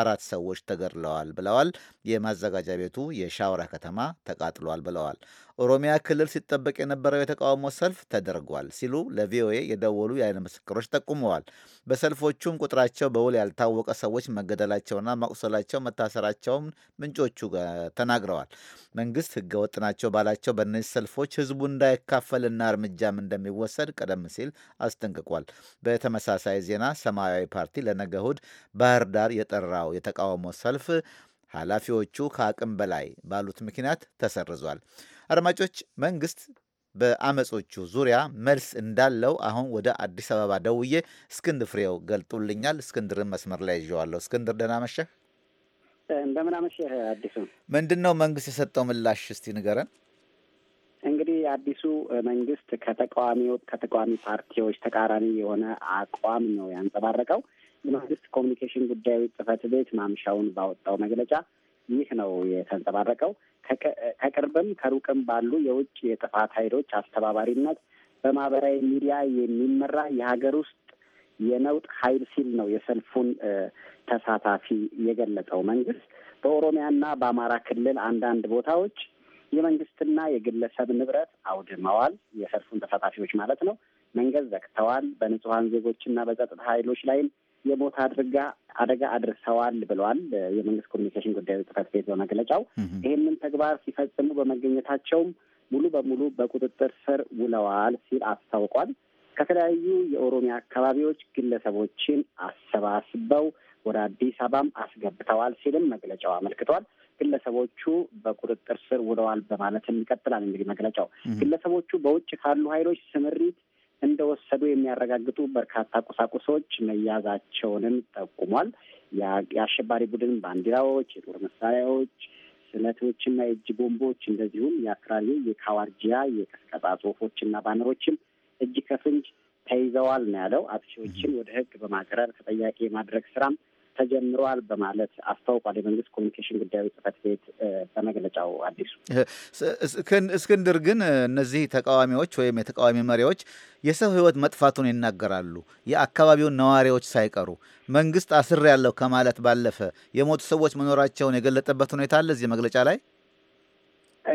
አራት ሰዎች ተገድለዋል ብለዋል። የማዘጋጃ ቤቱ የሻውራ ከተማ ተቃጥሏል ብለዋል። ኦሮሚያ ክልል ሲጠበቅ የነበረው የተቃውሞ ሰልፍ ተደርጓል ሲሉ ለቪኦኤ የደወሉ የዓይን ምስክሮች ጠቁመዋል። በሰልፎቹም ቁጥራቸው በውል ያልታወቀ ሰዎች መገደላቸውና ማቁሰላቸው፣ መታሰራቸውም ምንጮቹ ተናግረዋል። መንግስት ወጥ ናቸው ባላቸው በእነዚህ ሰልፎች ህዝቡ እንዳይካፈልና እርምጃም እንደሚወሰድ ቀደም ሲል አስጠንቅቋል። በተመሳሳይ ዜና ሰማያዊ ፓርቲ ለነገ እሁድ ባህር ዳር የጠራው የተቃውሞ ሰልፍ ኃላፊዎቹ ከአቅም በላይ ባሉት ምክንያት ተሰርዟል። አድማጮች፣ መንግስት በአመጾቹ ዙሪያ መልስ እንዳለው አሁን ወደ አዲስ አበባ ደውዬ እስክንድር ፍሬው ገልጡልኛል። እስክንድርን መስመር ላይ ይዤዋለሁ። እስክንድር ደህና መሸህ። እንደምን አመሸህ አዲሱ። ምንድን ነው መንግስት የሰጠው ምላሽ እስቲ ንገረን። እንግዲህ አዲሱ መንግስት ከተቃዋሚው ከተቃዋሚ ፓርቲዎች ተቃራኒ የሆነ አቋም ነው ያንጸባረቀው። የመንግስት ኮሚኒኬሽን ጉዳዮች ጽህፈት ቤት ማምሻውን ባወጣው መግለጫ ይህ ነው የተንጸባረቀው። ከቅርብም ከሩቅም ባሉ የውጭ የጥፋት ኃይሎች አስተባባሪነት በማህበራዊ ሚዲያ የሚመራ የሀገር ውስጥ የነውጥ ኃይል ሲል ነው የሰልፉን ተሳታፊ የገለጸው። መንግስት በኦሮሚያና በአማራ ክልል አንዳንድ ቦታዎች የመንግስትና የግለሰብ ንብረት አውድመዋል። የሰልፉን ተሳታፊዎች ማለት ነው። መንገድ ዘግተዋል። በንጹሀን ዜጎችና በጸጥታ ኃይሎች ላይም የሞት አድርጋ አደጋ አድርሰዋል ብለዋል የመንግስት ኮሚኒኬሽን ጉዳዮች ጽሕፈት ቤት በመግለጫው። ይህንን ተግባር ሲፈጽሙ በመገኘታቸውም ሙሉ በሙሉ በቁጥጥር ስር ውለዋል ሲል አስታውቋል። ከተለያዩ የኦሮሚያ አካባቢዎች ግለሰቦችን አሰባስበው ወደ አዲስ አበባም አስገብተዋል ሲልም መግለጫው አመልክቷል። ግለሰቦቹ በቁጥጥር ስር ውለዋል በማለትም ይቀጥላል። እንግዲህ መግለጫው ግለሰቦቹ በውጭ ካሉ ኃይሎች ስምሪት እንደወሰዱ የሚያረጋግጡ በርካታ ቁሳቁሶች መያዛቸውንም ጠቁሟል። የአሸባሪ ቡድን ባንዲራዎች፣ የጦር መሳሪያዎች፣ ስለቶችና የእጅ ቦምቦች እንደዚሁም የአክራሪው የካዋርጂያ የቀስቀጣ ጽሁፎችና ባነሮችም እጅ ከፍንጅ ተይዘዋል ነው ያለው። አጥፊዎችን ወደ ህግ በማቅረብ ተጠያቂ የማድረግ ስራም ተጀምረዋል በማለት አስታውቋል። የመንግስት ኮሚኒኬሽን ጉዳዮች ጽፈት ቤት በመግለጫው። አዲሱ እስክንድር ግን እነዚህ ተቃዋሚዎች ወይም የተቃዋሚ መሪዎች የሰው ህይወት መጥፋቱን ይናገራሉ። የአካባቢውን ነዋሪዎች ሳይቀሩ መንግስት አስር ያለው ከማለት ባለፈ የሞቱ ሰዎች መኖራቸውን የገለጠበት ሁኔታ አለ እዚህ መግለጫ ላይ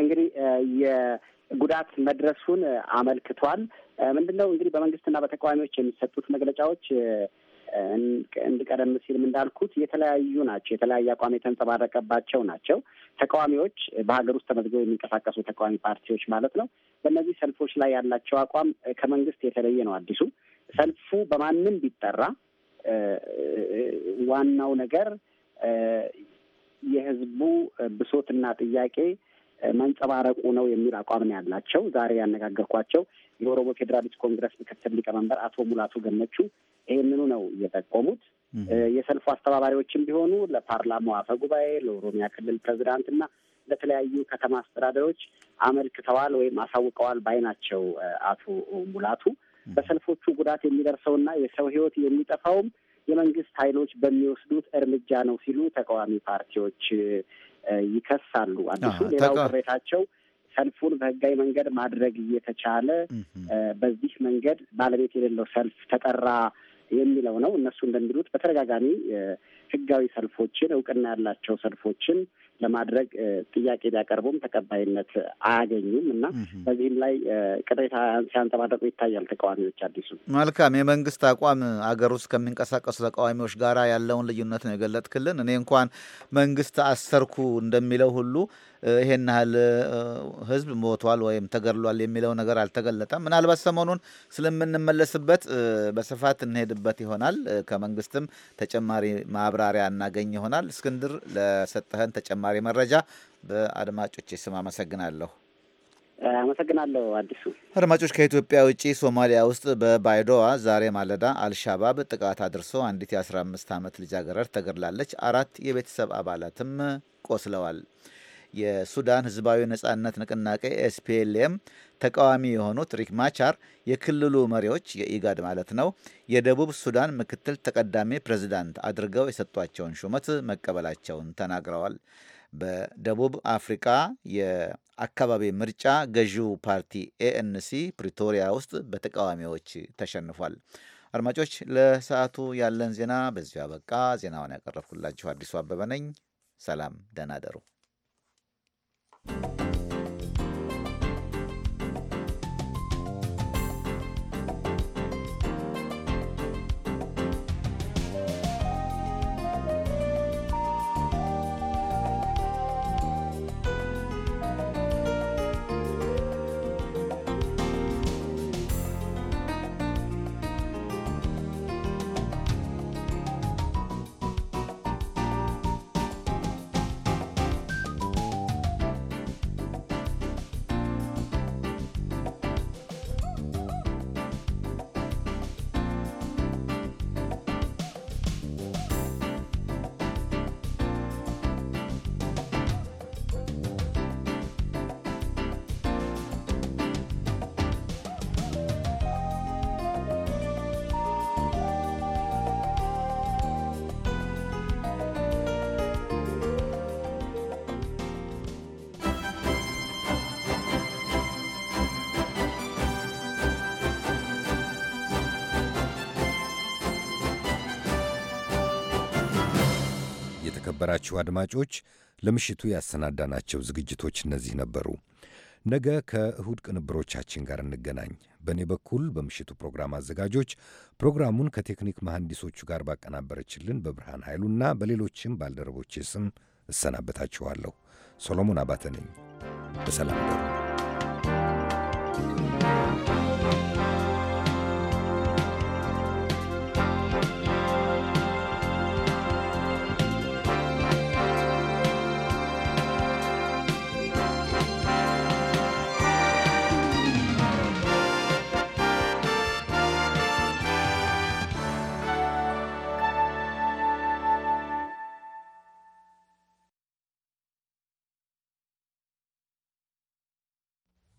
እንግዲህ የጉዳት መድረሱን አመልክቷል። ምንድን ነው እንግዲህ በመንግስትና በተቃዋሚዎች የሚሰጡት መግለጫዎች ቀደም ሲልም እንዳልኩት የተለያዩ ናቸው። የተለያየ አቋም የተንጸባረቀባቸው ናቸው። ተቃዋሚዎች በሀገር ውስጥ ተመዝግበው የሚንቀሳቀሱ ተቃዋሚ ፓርቲዎች ማለት ነው። በእነዚህ ሰልፎች ላይ ያላቸው አቋም ከመንግስት የተለየ ነው። አዲሱ ሰልፉ በማንም ቢጠራ ዋናው ነገር የህዝቡ ብሶትና ጥያቄ መንጸባረቁ ነው የሚል አቋም ነው ያላቸው። ዛሬ ያነጋገርኳቸው የኦሮሞ ፌዴራሊስት ኮንግረስ ምክትል ሊቀመንበር አቶ ሙላቱ ገመቹ ይህንኑ ነው እየጠቆሙት። የሰልፉ አስተባባሪዎችም ቢሆኑ ለፓርላማው አፈ ጉባኤ፣ ለኦሮሚያ ክልል ፕሬዚዳንት እና ለተለያዩ ከተማ አስተዳደሮች አመልክተዋል ወይም አሳውቀዋል ባይ ናቸው። አቶ ሙላቱ በሰልፎቹ ጉዳት የሚደርሰውና የሰው ህይወት የሚጠፋውም የመንግስት ኃይሎች በሚወስዱት እርምጃ ነው ሲሉ ተቃዋሚ ፓርቲዎች ይከሳሉ። አዲሱ ሌላው ቅሬታቸው ሰልፉን በህጋዊ መንገድ ማድረግ እየተቻለ በዚህ መንገድ ባለቤት የሌለው ሰልፍ ተጠራ የሚለው ነው። እነሱ እንደሚሉት በተደጋጋሚ ህጋዊ ሰልፎችን እውቅና ያላቸው ሰልፎችን ለማድረግ ጥያቄ ቢያቀርቡም ተቀባይነት አያገኙም እና በዚህም ላይ ቅሬታ ሲያንጸባረቁ ይታያል ተቃዋሚዎች። አዲሱ መልካም የመንግስት አቋም አገር ውስጥ ከሚንቀሳቀሱ ተቃዋሚዎች ጋር ያለውን ልዩነት ነው የገለጥክልን። እኔ እንኳን መንግስት አሰርኩ እንደሚለው ሁሉ ይሄን ያህል ህዝብ ሞቷል ወይም ተገድሏል የሚለው ነገር አልተገለጠም። ምናልባት ሰሞኑን ስለምንመለስበት በስፋት እንሄድበት ይሆናል። ከመንግስትም ተጨማሪ ማብራሪያ እናገኝ ይሆናል። እስክንድር ለሰጠህን ተጨማሪ ተጨማሪ መረጃ በአድማጮች ስም አመሰግናለሁ። አመሰግናለሁ አዲሱ። አድማጮች ከኢትዮጵያ ውጪ ሶማሊያ ውስጥ በባይዶዋ ዛሬ ማለዳ አልሻባብ ጥቃት አድርሶ አንዲት የ15 ዓመት ልጃገረድ ተገድላለች። አራት የቤተሰብ አባላትም ቆስለዋል። የሱዳን ህዝባዊ ነጻነት ንቅናቄ ኤስፒኤልኤም ተቃዋሚ የሆኑት ሪክ ማቻር የክልሉ መሪዎች የኢጋድ ማለት ነው የደቡብ ሱዳን ምክትል ተቀዳሚ ፕሬዚዳንት አድርገው የሰጧቸውን ሹመት መቀበላቸውን ተናግረዋል። በደቡብ አፍሪካ የአካባቢ ምርጫ ገዢው ፓርቲ ኤኤንሲ ፕሪቶሪያ ውስጥ በተቃዋሚዎች ተሸንፏል። አድማጮች፣ ለሰዓቱ ያለን ዜና በዚሁ አበቃ። ዜናውን ያቀረብኩላችሁ አዲሱ አበበ ነኝ። ሰላም፣ ደህና ደሩ። የተከበራችሁ አድማጮች ለምሽቱ ያሰናዳናቸው ዝግጅቶች እነዚህ ነበሩ። ነገ ከእሁድ ቅንብሮቻችን ጋር እንገናኝ። በእኔ በኩል በምሽቱ ፕሮግራም አዘጋጆች ፕሮግራሙን ከቴክኒክ መሐንዲሶቹ ጋር ባቀናበረችልን በብርሃን ኃይሉና በሌሎችም ባልደረቦቼ ስም እሰናበታችኋለሁ። ሰሎሞን አባተ ነኝ። በሰላም ደሩ።